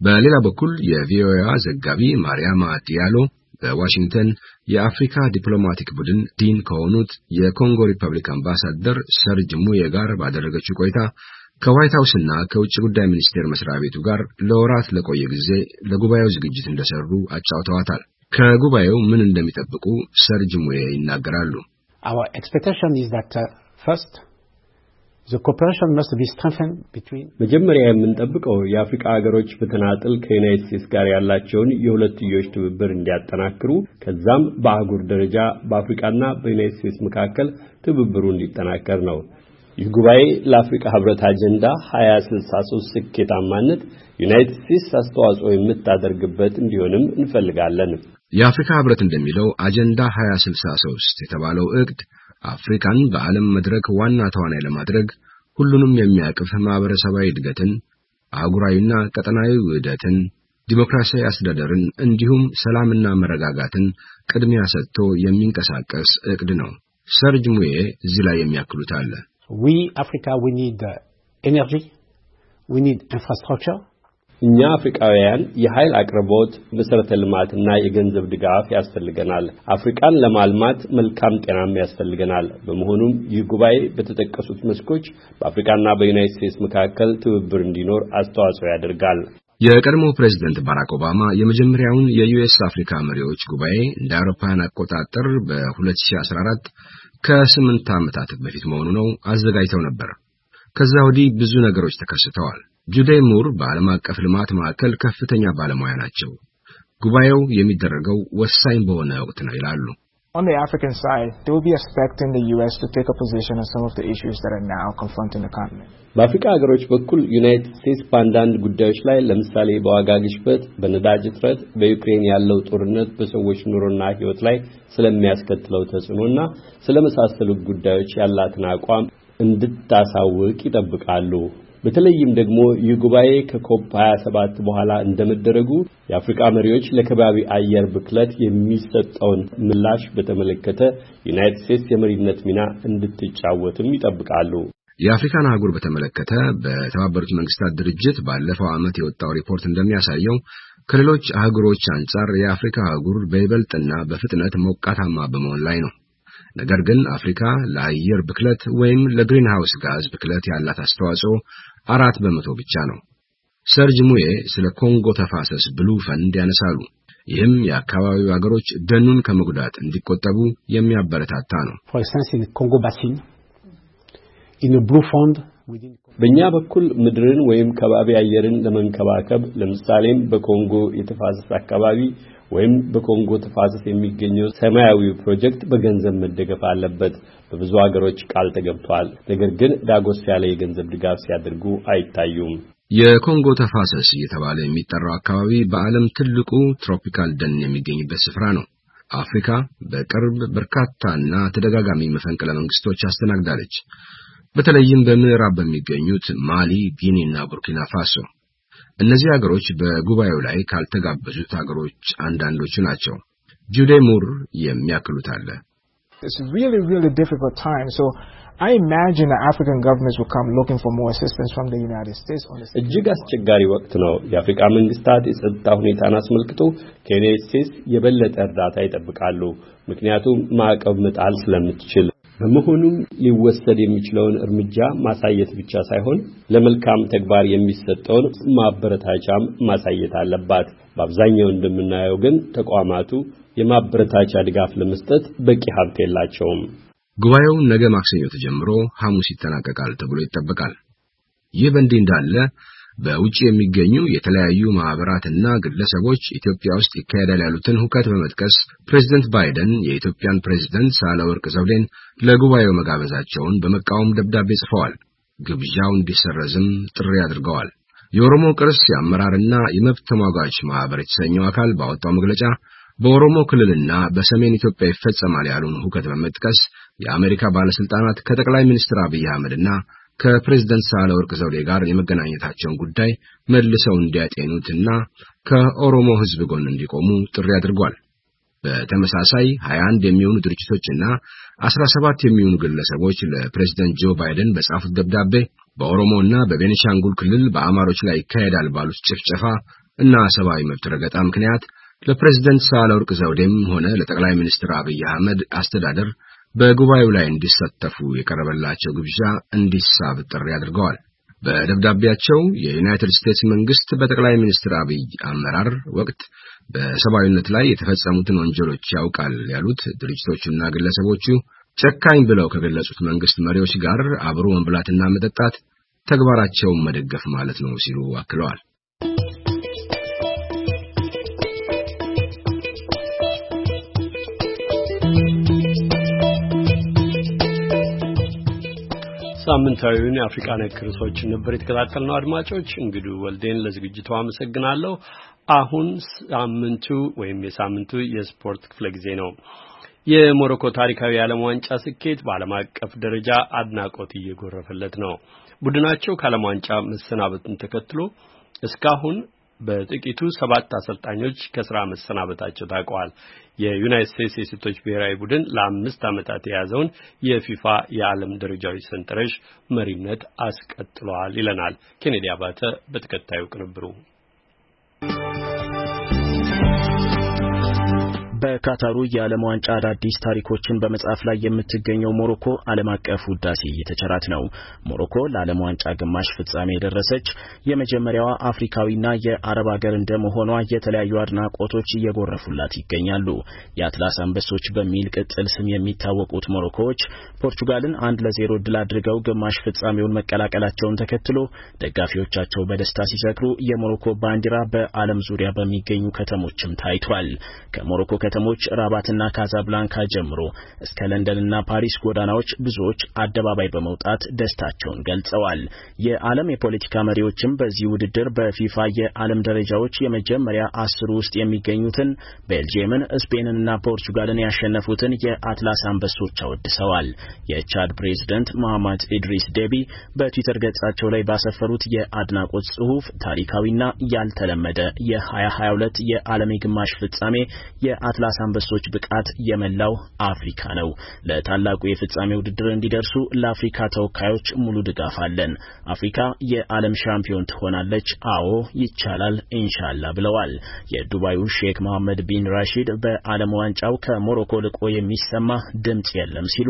በሌላ በኩል የቪኦኤዋ ዘጋቢ ማርያማ ዲያሎ በዋሽንግተን የአፍሪካ ዲፕሎማቲክ ቡድን ዲን ከሆኑት የኮንጎ ሪፐብሊክ አምባሳደር ሰርጅ ሙዬ ጋር ባደረገችው ቆይታ ከዋይት ሀውስና ከውጭ ጉዳይ ሚኒስቴር መስሪያ ቤቱ ጋር ለወራት ለቆየ ጊዜ ለጉባኤው ዝግጅት እንደሰሩ አጫውተዋታል። ከጉባኤው ምን እንደሚጠብቁ ሰርጅ ሙዬ ይናገራሉ። Our expectation is that, uh, first, መጀመሪያ የምንጠብቀው የአፍሪካ ሀገሮች በተናጥል ከዩናይት ስቴትስ ጋር ያላቸውን የሁለትዮሽ ትብብር እንዲያጠናክሩ ከዛም በአህጉር ደረጃ በአፍሪካና በዩናይት ስቴትስ መካከል ትብብሩ እንዲጠናከር ነው። ይህ ጉባኤ ለአፍሪካ ህብረት አጀንዳ 2063 ስኬታማነት ዩናይትድ ስቴትስ አስተዋጽኦ የምታደርግበት እንዲሆንም እንፈልጋለን። የአፍሪካ ህብረት እንደሚለው አጀንዳ 2063 የተባለው እቅድ አፍሪካን በዓለም መድረክ ዋና ተዋናይ ለማድረግ ሁሉንም የሚያቅፍ ማህበረሰባዊ እድገትን፣ አህጉራዊና ቀጠናዊ ውህደትን፣ ዲሞክራሲያዊ አስተዳደርን እንዲሁም ሰላምና መረጋጋትን ቅድሚያ ሰጥቶ የሚንቀሳቀስ እቅድ ነው። ሰርጅ ሙዬ እዚህ ላይ የሚያክሉት አለ። ዊ አፍሪካ ዊ ኒድ ኤነርጂ ዊ ኒድ ኢንፍራስትራክቸር እኛ አፍሪካውያን የኃይል አቅርቦት፣ መሠረተ ልማትና የገንዘብ ድጋፍ ያስፈልገናል። አፍሪካን ለማልማት መልካም ጤናም ያስፈልገናል። በመሆኑም ይህ ጉባኤ በተጠቀሱት መስኮች በአፍሪካና በዩናይት ስቴትስ መካከል ትብብር እንዲኖር አስተዋጽኦ ያደርጋል። የቀድሞ ፕሬዚደንት ባራክ ኦባማ የመጀመሪያውን የዩኤስ አፍሪካ መሪዎች ጉባኤ እንደ አውሮፓውያን አቆጣጠር በ2014 ከስምንት ዓመታት በፊት መሆኑ ነው አዘጋጅተው ነበር። ከዛ ወዲህ ብዙ ነገሮች ተከስተዋል። ጁዴይ ሙር በዓለም አቀፍ ልማት ማዕከል ከፍተኛ ባለሙያ ናቸው። ጉባኤው የሚደረገው ወሳኝ በሆነ ወቅት ነው ይላሉ። በአፍሪካ ሀገሮች በኩል ዩናይትድ ስቴትስ በአንዳንድ ጉዳዮች ላይ ለምሳሌ በዋጋ ግሽበት፣ በነዳጅ እጥረት፣ በዩክሬን ያለው ጦርነት በሰዎች ኑሮና ሕይወት ላይ ስለሚያስከትለው ተጽዕኖና ስለመሳሰሉት ጉዳዮች ያላትን አቋም እንድታሳውቅ ይጠብቃሉ። በተለይም ደግሞ ይህ ጉባኤ ከኮፕ 27 በኋላ እንደመደረጉ የአፍሪካ መሪዎች ለከባቢ አየር ብክለት የሚሰጠውን ምላሽ በተመለከተ ዩናይትድ ስቴትስ የመሪነት ሚና እንድትጫወትም ይጠብቃሉ። የአፍሪካን አህጉር በተመለከተ በተባበሩት መንግስታት ድርጅት ባለፈው ዓመት የወጣው ሪፖርት እንደሚያሳየው ከሌሎች አህጉሮች አንጻር የአፍሪካ አህጉር በይበልጥና በፍጥነት ሞቃታማ በመሆን ላይ ነው። ነገር ግን አፍሪካ ለአየር ብክለት ወይም ለግሪንሃውስ ጋዝ ብክለት ያላት አስተዋጽኦ አራት በመቶ ብቻ ነው። ሰርጅ ሙዬ ስለ ኮንጎ ተፋሰስ ብሉ ፈንድ ያነሳሉ። ይህም የአካባቢው አገሮች ደኑን ከመጉዳት እንዲቆጠቡ የሚያበረታታ ነው። በእኛ በኩል ምድርን ወይም ከባቢ አየርን ለመንከባከብ ለምሳሌም በኮንጎ የተፋሰስ አካባቢ ወይም በኮንጎ ተፋሰስ የሚገኘው ሰማያዊው ፕሮጀክት በገንዘብ መደገፍ አለበት በብዙ ሀገሮች ቃል ተገብቷል። ነገር ግን ዳጎስ ያለ የገንዘብ ድጋፍ ሲያደርጉ አይታዩም። የኮንጎ ተፋሰስ እየተባለ የሚጠራው አካባቢ በዓለም ትልቁ ትሮፒካል ደን የሚገኝበት ስፍራ ነው። አፍሪካ በቅርብ በርካታና ተደጋጋሚ መፈንቅለ መንግስቶች አስተናግዳለች። በተለይም በምዕራብ በሚገኙት ማሊ፣ ጊኒ እና ቡርኪና ፋሶ እነዚህ አገሮች በጉባኤው ላይ ካልተጋበዙት አገሮች አንዳንዶቹ ናቸው። ጁዴ ሙር የሚያክሉት አለ። እጅግ አስቸጋሪ ወቅት ነው። የአፍሪካ መንግስታት የጸጥታ ሁኔታን አስመልክቶ ከዩናይትድ ስቴትስ የበለጠ እርዳታ ይጠብቃሉ፣ ምክንያቱም ማዕቀብ መጣል ስለምትችል በመሆኑም ሊወሰድ የሚችለውን እርምጃ ማሳየት ብቻ ሳይሆን ለመልካም ተግባር የሚሰጠውን ማበረታቻም ማሳየት አለባት። በአብዛኛው እንደምናየው ግን ተቋማቱ የማበረታቻ ድጋፍ ለመስጠት በቂ ሀብት የላቸውም። ጉባኤው ነገ ማክሰኞ ተጀምሮ ሐሙስ ይጠናቀቃል ተብሎ ይጠበቃል። ይህ በእንዲህ እንዳለ በውጭ የሚገኙ የተለያዩ ማህበራትና ግለሰቦች ኢትዮጵያ ውስጥ ይካሄዳል ያሉትን ሁከት በመጥቀስ ፕሬዚደንት ባይደን የኢትዮጵያን ፕሬዚደንት ሳህለወርቅ ዘውዴን ለጉባኤው መጋበዛቸውን በመቃወም ደብዳቤ ጽፈዋል። ግብዣው እንዲሰረዝም ጥሪ አድርገዋል። የኦሮሞ ቅርስ የአመራርና የመብት ተሟጋች ማህበር የተሰኘው አካል ባወጣው መግለጫ በኦሮሞ ክልልና በሰሜን ኢትዮጵያ ይፈጸማል ያሉን ሁከት በመጥቀስ የአሜሪካ ባለስልጣናት ከጠቅላይ ሚኒስትር አብይ አህመድና ከፕሬዝደንት ወርቅ ዘውዴ ጋር የመገናኘታቸውን ጉዳይ መልሰው እንዲያጤኑትና ከኦሮሞ ሕዝብ ጎን እንዲቆሙ ጥሪ አድርጓል። በተመሳሳይ 21 የሚሆኑ ድርጅቶችና 17 የሚሆኑ ግለሰቦች ለፕሬዝደንት ጆ ባይደን በጻፉት ደብዳቤ በኦሮሞና በቤኒሻንጉል ክልል በአማሮች ላይ ይካሄዳል ባሉት ጭፍጨፋ እና ሰብአዊ መብት ረገጣ ምክንያት ለፕሬዝደንት ወርቅ ዘውዴም ሆነ ለጠቅላይ ሚኒስትር አብይ አህመድ አስተዳደር በጉባኤው ላይ እንዲሳተፉ የቀረበላቸው ግብዣ እንዲሳብ ጥሪ አድርገዋል። በደብዳቤያቸው የዩናይትድ ስቴትስ መንግስት በጠቅላይ ሚኒስትር አብይ አመራር ወቅት በሰብአዊነት ላይ የተፈጸሙትን ወንጀሎች ያውቃል ያሉት ድርጅቶቹና ግለሰቦቹ ጨካኝ ብለው ከገለጹት መንግስት መሪዎች ጋር አብሮ መብላትና መጠጣት ተግባራቸውን መደገፍ ማለት ነው ሲሉ አክለዋል። ሳምንታዊውን የአፍሪካ ነክ ርዕሶች ነበር የተከታተልነው። አድማጮች እንግዱ ወልዴን ለዝግጅቱ አመሰግናለሁ። አሁን ሳምንቱ ወይም የሳምንቱ የስፖርት ክፍለ ጊዜ ነው። የሞሮኮ ታሪካዊ የዓለም ዋንጫ ስኬት በዓለም አቀፍ ደረጃ አድናቆት እየጎረፈለት ነው። ቡድናቸው ከዓለም ዋንጫ መሰናበትን ተከትሎ እስካሁን በጥቂቱ ሰባት አሰልጣኞች ከስራ መሰናበታቸው ታውቀዋል። የዩናይት ስቴትስ የሴቶች ብሔራዊ ቡድን ለአምስት ዓመታት የያዘውን የፊፋ የዓለም ደረጃዊ ሰንጠረዥ መሪነት አስቀጥለዋል ይለናል ኬኔዲ አባተ በተከታዩ ቅንብሩ። በካታሩ የዓለም ዋንጫ አዳዲስ ታሪኮችን በመጻፍ ላይ የምትገኘው ሞሮኮ ዓለም አቀፍ ውዳሴ እየተቸራት ነው። ሞሮኮ ለዓለም ዋንጫ ግማሽ ፍጻሜ የደረሰች የመጀመሪያዋ አፍሪካዊና የአረብ አገር እንደመሆኗ የተለያዩ አድናቆቶች እየጎረፉላት ይገኛሉ። የአትላስ አንበሶች በሚል ቅጽል ስም የሚታወቁት ሞሮኮዎች ፖርቹጋልን አንድ ለዜሮ ድል አድርገው ግማሽ ፍጻሜውን መቀላቀላቸውን ተከትሎ ደጋፊዎቻቸው በደስታ ሲሰክሩ የሞሮኮ ባንዲራ በዓለም ዙሪያ በሚገኙ ከተሞችም ታይቷል። ከሞሮኮ ከተሞ ከተሞች ራባትና ካዛብላንካ ጀምሮ እስከ ለንደንና ፓሪስ ጎዳናዎች ብዙዎች አደባባይ በመውጣት ደስታቸውን ገልጸዋል። የዓለም የፖለቲካ መሪዎችም በዚህ ውድድር በፊፋ የዓለም ደረጃዎች የመጀመሪያ አስሩ ውስጥ የሚገኙትን ቤልጅየምን፣ ስፔንንና ፖርቱጋልን ያሸነፉትን የአትላስ አንበሶች አወድሰዋል። የቻድ ፕሬዝደንት መሐማድ ኢድሪስ ዴቢ በትዊተር ገጻቸው ላይ ባሰፈሩት የአድናቆት ጽሑፍ ታሪካዊና ያልተለመደ የ2022 የዓለም የግማሽ ፍጻሜ የአትላስ የራስ አንበሶች ብቃት የመላው አፍሪካ ነው። ለታላቁ የፍጻሜ ውድድር እንዲደርሱ ለአፍሪካ ተወካዮች ሙሉ ድጋፍ አለን። አፍሪካ የዓለም ሻምፒዮን ትሆናለች። አዎ ይቻላል፣ ኢንሻላ ብለዋል። የዱባዩ ሼክ መሐመድ ቢን ራሺድ በዓለም ዋንጫው ከሞሮኮ ልቆ የሚሰማ ድምጽ የለም ሲሉ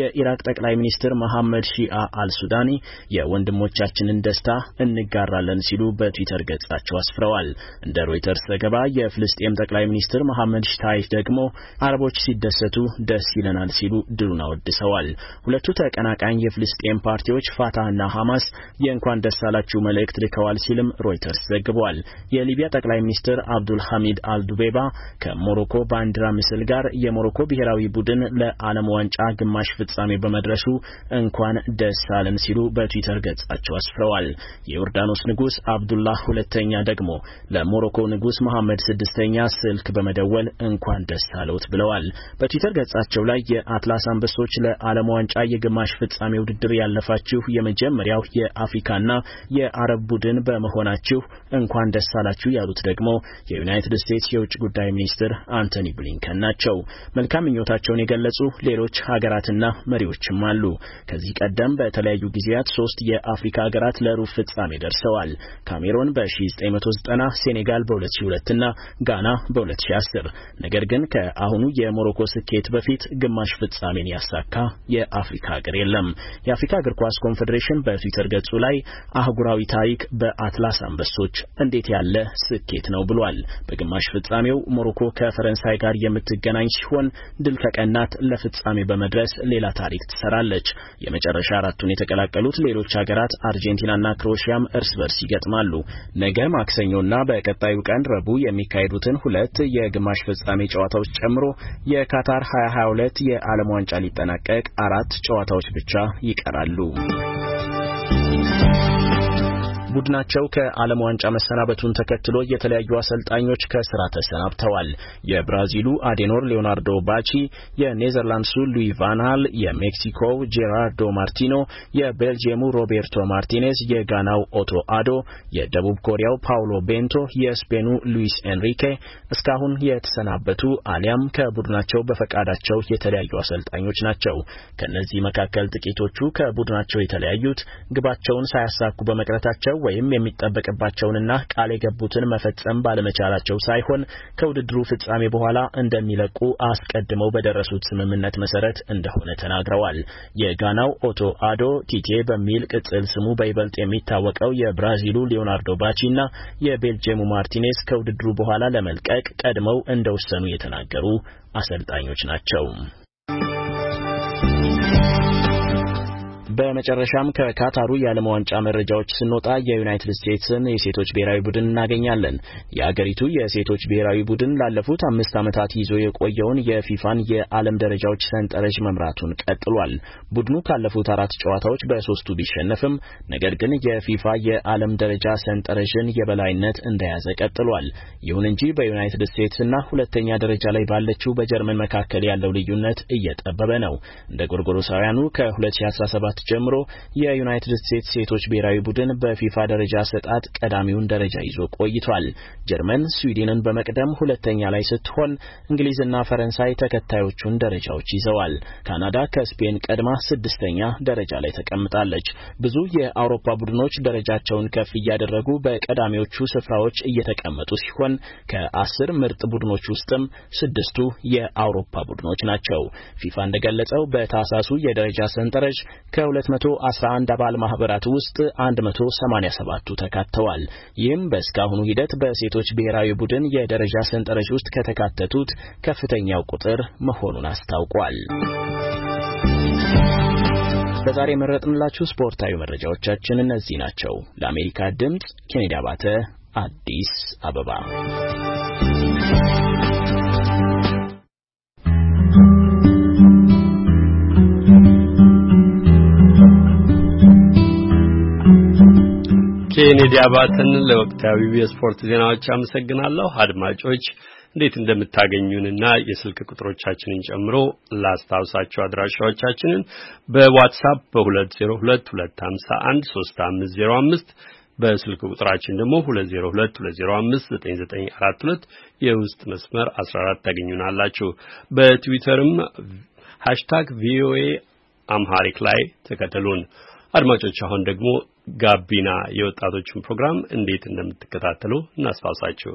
የኢራቅ ጠቅላይ ሚኒስትር መሐመድ ሺአ አልሱዳኒ የወንድሞቻችንን ደስታ እንጋራለን ሲሉ በትዊተር ገጻቸው አስፍረዋል። እንደ ሮይተርስ ዘገባ የፍልስጤም ጠቅላይ ሚኒስትር መሐመድ ሽታይ ደግሞ አረቦች ሲደሰቱ ደስ ይለናል ሲሉ ድሉን አወድሰዋል። ሁለቱ ተቀናቃኝ የፍልስጤም ፓርቲዎች ፋታህና ሐማስ የእንኳን ደስ አላችሁ መልእክት ልከዋል ሲልም ሮይተርስ ዘግቧል። የሊቢያ ጠቅላይ ሚኒስትር አብዱል ሐሚድ አልዱቤባ ከሞሮኮ ባንዲራ ምስል ጋር የሞሮኮ ብሔራዊ ቡድን ለዓለም ዋንጫ ግማሽ ፍጻሜ በመድረሱ እንኳን ደስ አለን ሲሉ በትዊተር ገጻቸው አስፍረዋል። የዮርዳኖስ ንጉሥ አብዱላህ ሁለተኛ ደግሞ ለሞሮኮ ንጉሥ መሐመድ ስድስተኛ ስልክ በመደወል እንኳን እንኳን ደስ አለውት ብለዋል። በትዊተር ገጻቸው ላይ የአትላስ አንበሶች ለዓለም ዋንጫ የግማሽ ፍጻሜ ውድድር ያለፋችሁ የመጀመሪያው የአፍሪካና የአረብ ቡድን በመሆናችሁ እንኳን ደስ አላችሁ ያሉት ደግሞ የዩናይትድ ስቴትስ የውጭ ጉዳይ ሚኒስትር አንቶኒ ብሊንከን ናቸው። መልካም ምኞታቸውን የገለጹ ሌሎች ሀገራትና መሪዎችም አሉ። ከዚህ ቀደም በተለያዩ ጊዜያት ሶስት የአፍሪካ ሀገራት ለሩብ ፍጻሜ ደርሰዋል። ካሜሮን በ1990፣ ሴኔጋል በ2002 እና ጋና በ2010 ነገ ነገር ግን ከአሁኑ የሞሮኮ ስኬት በፊት ግማሽ ፍጻሜን ያሳካ የአፍሪካ ሀገር የለም። የአፍሪካ እግር ኳስ ኮንፌዴሬሽን በትዊተር ገጹ ላይ አህጉራዊ ታሪክ በአትላስ አንበሶች እንዴት ያለ ስኬት ነው ብሏል። በግማሽ ፍጻሜው ሞሮኮ ከፈረንሳይ ጋር የምትገናኝ ሲሆን ድል ከቀናት ለፍጻሜ በመድረስ ሌላ ታሪክ ትሰራለች። የመጨረሻ አራቱን የተቀላቀሉት ሌሎች ሀገራት አርጀንቲናና ክሮሺያም እርስ በርስ ይገጥማሉ። ነገ ማክሰኞና በቀጣዩ ቀን ረቡዕ የሚካሄዱትን ሁለት የግማሽ ፍጻሜ ጨዋታዎች ጨምሮ የካታር 2022 የዓለም ዋንጫ ሊጠናቀቅ አራት ጨዋታዎች ብቻ ይቀራሉ። ቡድናቸው ከዓለም ዋንጫ መሰናበቱን ተከትሎ የተለያዩ አሰልጣኞች ከስራ ተሰናብተዋል። የብራዚሉ አዴኖር ሌዮናርዶ ባቺ፣ የኔዘርላንድሱ ሉዊ ቫንሃል፣ የሜክሲኮው ጄራርዶ ማርቲኖ፣ የቤልጅየሙ ሮቤርቶ ማርቲኔዝ፣ የጋናው ኦቶ አዶ፣ የደቡብ ኮሪያው ፓውሎ ቤንቶ፣ የስፔኑ ሉዊስ ኤንሪኬ እስካሁን የተሰናበቱ አሊያም ከቡድናቸው በፈቃዳቸው የተለያዩ አሰልጣኞች ናቸው። ከእነዚህ መካከል ጥቂቶቹ ከቡድናቸው የተለያዩት ግባቸውን ሳያሳኩ በመቅረታቸው ወይም የሚጠበቅባቸውንና ቃል የገቡትን መፈጸም ባለመቻላቸው ሳይሆን ከውድድሩ ፍጻሜ በኋላ እንደሚለቁ አስቀድመው በደረሱት ስምምነት መሰረት እንደሆነ ተናግረዋል። የጋናው ኦቶ አዶ ቲቴ በሚል ቅጽል ስሙ በይበልጥ የሚታወቀው የብራዚሉ ሊዮናርዶ ባቺ እና የቤልጅየሙ ማርቲኔስ ከውድድሩ በኋላ ለመልቀቅ ቀድመው እንደወሰኑ የተናገሩ አሰልጣኞች ናቸው። በመጨረሻም ከካታሩ የዓለም ዋንጫ መረጃዎች ስንወጣ የዩናይትድ ስቴትስን የሴቶች ብሔራዊ ቡድን እናገኛለን። የአገሪቱ የሴቶች ብሔራዊ ቡድን ላለፉት አምስት ዓመታት ይዞ የቆየውን የፊፋን የዓለም ደረጃዎች ሰንጠረዥ መምራቱን ቀጥሏል። ቡድኑ ካለፉት አራት ጨዋታዎች በሶስቱ ቢሸነፍም ነገር ግን የፊፋ የዓለም ደረጃ ሰንጠረዥን የበላይነት እንደያዘ ቀጥሏል። ይሁን እንጂ በዩናይትድ ስቴትስና ሁለተኛ ደረጃ ላይ ባለችው በጀርመን መካከል ያለው ልዩነት እየጠበበ ነው። እንደ ጎርጎሮሳውያኑ ከ2017 ጀምሮ የዩናይትድ ስቴትስ ሴቶች ብሔራዊ ቡድን በፊፋ ደረጃ ሰጣት ቀዳሚውን ደረጃ ይዞ ቆይቷል። ጀርመን ስዊድንን በመቅደም ሁለተኛ ላይ ስትሆን፣ እንግሊዝና ፈረንሳይ ተከታዮቹን ደረጃዎች ይዘዋል። ካናዳ ከስፔን ቀድማ ስድስተኛ ደረጃ ላይ ተቀምጣለች። ብዙ የአውሮፓ ቡድኖች ደረጃቸውን ከፍ እያደረጉ በቀዳሚዎቹ ስፍራዎች እየተቀመጡ ሲሆን ከአስር ምርጥ ቡድኖች ውስጥም ስድስቱ የአውሮፓ ቡድኖች ናቸው። ፊፋ እንደገለጸው በታሳሱ የደረጃ ሰንጠረዥ ከ ከ211 አባል ማህበራት ውስጥ 187ቱ ተካተዋል። ይህም በእስካሁኑ ሂደት በሴቶች ብሔራዊ ቡድን የደረጃ ሰንጠረዥ ውስጥ ከተካተቱት ከፍተኛው ቁጥር መሆኑን አስታውቋል። በዛሬ የመረጥንላችሁ ስፖርታዊ መረጃዎቻችን እነዚህ ናቸው። ለአሜሪካ ድምፅ ኬኔዲ አባተ አዲስ አበባ ኬኔዲ አባትን ለወቅታዊ የስፖርት ዜናዎች አመሰግናለሁ። አድማጮች እንዴት እንደምታገኙንና የስልክ ቁጥሮቻችንን ጨምሮ ላስታውሳችሁ አድራሻዎቻችንን በዋትሳፕ በ2022513505 በስልክ ቁጥራችን ደግሞ 2022059942 የውስጥ መስመር 14 ታገኙናላችሁ። በትዊተርም ሃሽታግ ቪኦኤ አምሃሪክ ላይ ተከተሉን። አድማጮች አሁን ደግሞ ጋቢና የወጣቶችን ፕሮግራም እንዴት እንደምትከታተሉ እናስታውሳችሁ።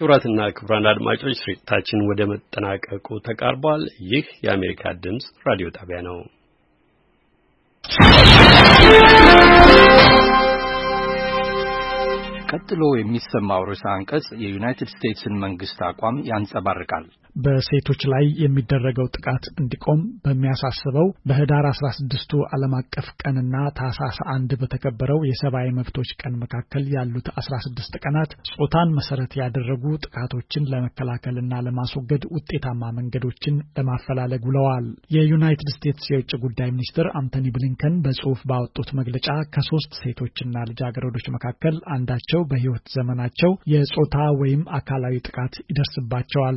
ክቡራትና ክቡራን አድማጮች ስርጭታችን ወደ መጠናቀቁ ተቃርቧል። ይህ የአሜሪካ ድምፅ ራዲዮ ጣቢያ ነው። ቀጥሎ የሚሰማው ርዕሰ አንቀጽ የዩናይትድ ስቴትስን መንግስት አቋም ያንጸባርቃል። በሴቶች ላይ የሚደረገው ጥቃት እንዲቆም በሚያሳስበው በህዳር 16ቱ ዓለም አቀፍ ቀንና ታህሳስ አንድ በተከበረው የሰብአዊ መብቶች ቀን መካከል ያሉት 16 ቀናት ጾታን መሰረት ያደረጉ ጥቃቶችን ለመከላከልና ለማስወገድ ውጤታማ መንገዶችን ለማፈላለግ ውለዋል። የዩናይትድ ስቴትስ የውጭ ጉዳይ ሚኒስትር አንቶኒ ብሊንከን በጽሁፍ ባወጡት መግለጫ ከሶስት ሴቶችና ልጃገረዶች መካከል አንዳቸው በህይወት ዘመናቸው የጾታ ወይም አካላዊ ጥቃት ይደርስባቸዋል።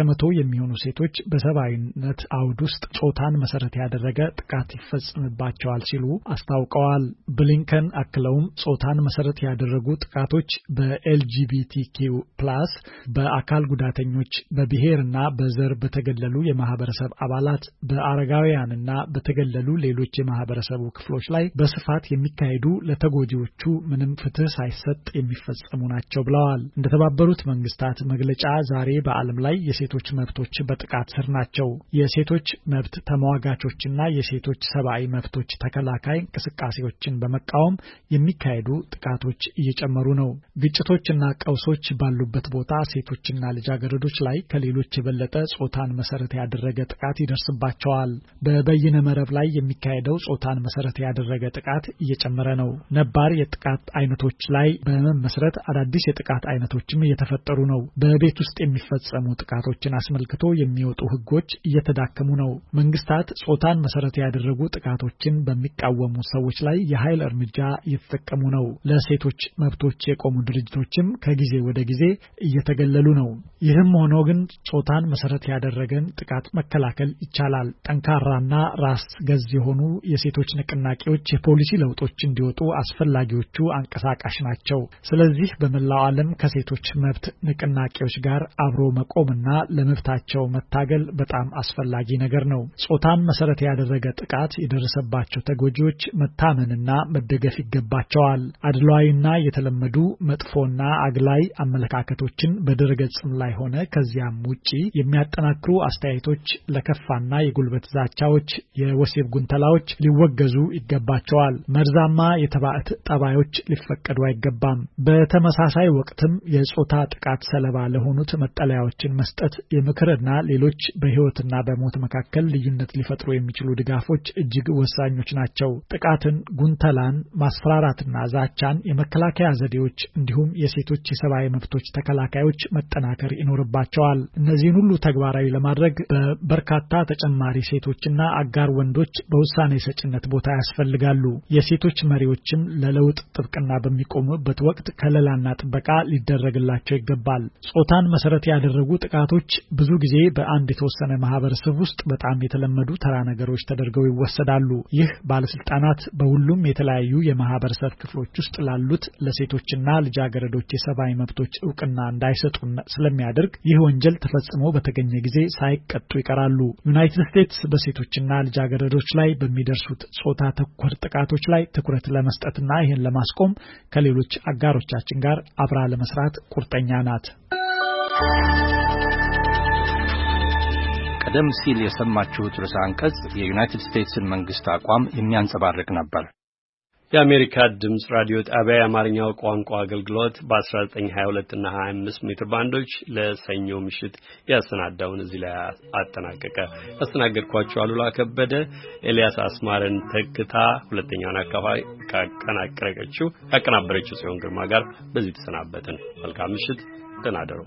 ከመቶ የሚሆኑ ሴቶች በሰብአዊነት አውድ ውስጥ ጾታን መሰረት ያደረገ ጥቃት ይፈጽምባቸዋል ሲሉ አስታውቀዋል። ብሊንከን አክለውም ጾታን መሰረት ያደረጉ ጥቃቶች በኤልጂቢቲኪው ፕላስ፣ በአካል ጉዳተኞች፣ በብሔርና በዘር በተገለሉ የማህበረሰብ አባላት፣ በአረጋውያንና በተገለሉ ሌሎች የማህበረሰቡ ክፍሎች ላይ በስፋት የሚካሄዱ ለተጎጂዎቹ ምንም ፍትህ ሳይሰጥ የሚፈጸሙ ናቸው ብለዋል። እንደተባበሩት መንግስታት መግለጫ ዛሬ በዓለም ላይ የሴ የሴቶች መብቶች በጥቃት ስር ናቸው። የሴቶች መብት ተሟጋቾችና የሴቶች ሰብአዊ መብቶች ተከላካይ እንቅስቃሴዎችን በመቃወም የሚካሄዱ ጥቃቶች እየጨመሩ ነው። ግጭቶችና ቀውሶች ባሉበት ቦታ ሴቶችና ልጃገረዶች ላይ ከሌሎች የበለጠ ጾታን መሰረት ያደረገ ጥቃት ይደርስባቸዋል። በበይነ መረብ ላይ የሚካሄደው ጾታን መሰረት ያደረገ ጥቃት እየጨመረ ነው። ነባር የጥቃት አይነቶች ላይ በመመስረት አዳዲስ የጥቃት አይነቶችም እየተፈጠሩ ነው። በቤት ውስጥ የሚፈጸሙ ጥቃቶች ጥቃቶችን አስመልክቶ የሚወጡ ሕጎች እየተዳከሙ ነው። መንግስታት ጾታን መሰረት ያደረጉ ጥቃቶችን በሚቃወሙ ሰዎች ላይ የኃይል እርምጃ እየተጠቀሙ ነው። ለሴቶች መብቶች የቆሙ ድርጅቶችም ከጊዜ ወደ ጊዜ እየተገለሉ ነው። ይህም ሆኖ ግን ጾታን መሰረት ያደረገን ጥቃት መከላከል ይቻላል። ጠንካራና ራስ ገዝ የሆኑ የሴቶች ንቅናቄዎች የፖሊሲ ለውጦች እንዲወጡ አስፈላጊዎቹ አንቀሳቃሽ ናቸው። ስለዚህ በመላው ዓለም ከሴቶች መብት ንቅናቄዎች ጋር አብሮ መቆምና ለመብታቸው መታገል በጣም አስፈላጊ ነገር ነው። ጾታን መሰረት ያደረገ ጥቃት የደረሰባቸው ተጎጂዎች መታመንና መደገፍ ይገባቸዋል። አድሏዊና የተለመዱ መጥፎና አግላይ አመለካከቶችን በድረገጽም ላይ ሆነ ከዚያም ውጪ የሚያጠናክሩ አስተያየቶች ለከፋና የጉልበት ዛቻዎች፣ የወሲብ ጉንተላዎች ሊወገዙ ይገባቸዋል። መርዛማ የተባዕት ጠባዮች ሊፈቀዱ አይገባም። በተመሳሳይ ወቅትም የጾታ ጥቃት ሰለባ ለሆኑት መጠለያዎችን መስጠት የምክርና ሌሎች በህይወትና በሞት መካከል ልዩነት ሊፈጥሩ የሚችሉ ድጋፎች እጅግ ወሳኞች ናቸው። ጥቃትን፣ ጉንተላን፣ ማስፈራራትና ዛቻን የመከላከያ ዘዴዎች እንዲሁም የሴቶች የሰብአዊ መብቶች ተከላካዮች መጠናከር ይኖርባቸዋል። እነዚህን ሁሉ ተግባራዊ ለማድረግ በበርካታ ተጨማሪ ሴቶችና አጋር ወንዶች በውሳኔ ሰጭነት ቦታ ያስፈልጋሉ። የሴቶች መሪዎችም ለለውጥ ጥብቅና በሚቆሙበት ወቅት ከለላና ጥበቃ ሊደረግላቸው ይገባል። ጾታን መሰረት ያደረጉ ጥቃቶች ነገሮች ብዙ ጊዜ በአንድ የተወሰነ ማህበረሰብ ውስጥ በጣም የተለመዱ ተራ ነገሮች ተደርገው ይወሰዳሉ። ይህ ባለስልጣናት በሁሉም የተለያዩ የማህበረሰብ ክፍሎች ውስጥ ላሉት ለሴቶችና ልጃገረዶች የሰብአዊ መብቶች እውቅና እንዳይሰጡ ስለሚያደርግ ይህ ወንጀል ተፈጽሞ በተገኘ ጊዜ ሳይቀጡ ይቀራሉ። ዩናይትድ ስቴትስ በሴቶችና ልጃገረዶች ላይ በሚደርሱት ጾታ ተኮር ጥቃቶች ላይ ትኩረት ለመስጠትና ይህን ለማስቆም ከሌሎች አጋሮቻችን ጋር አብራ ለመስራት ቁርጠኛ ናት። ቀደም ሲል የሰማችሁት ርዕሰ አንቀጽ የዩናይትድ ስቴትስን መንግሥት አቋም የሚያንጸባርቅ ነበር። የአሜሪካ ድምፅ ራዲዮ ጣቢያ የአማርኛው ቋንቋ አገልግሎት በ1922 እና 25 ሜትር ባንዶች ለሰኞ ምሽት ያሰናዳውን እዚህ ላይ አጠናቀቀ። ያስተናገድኳቸው አሉላ ከበደ፣ ኤልያስ አስማረን ተክታ ሁለተኛውን አካፋይ ካቀናቀረችው ያቀናበረችው ጽዮን ግርማ ጋር በዚህ ተሰናበትን። መልካም ምሽት፣ ደህና እደሩ።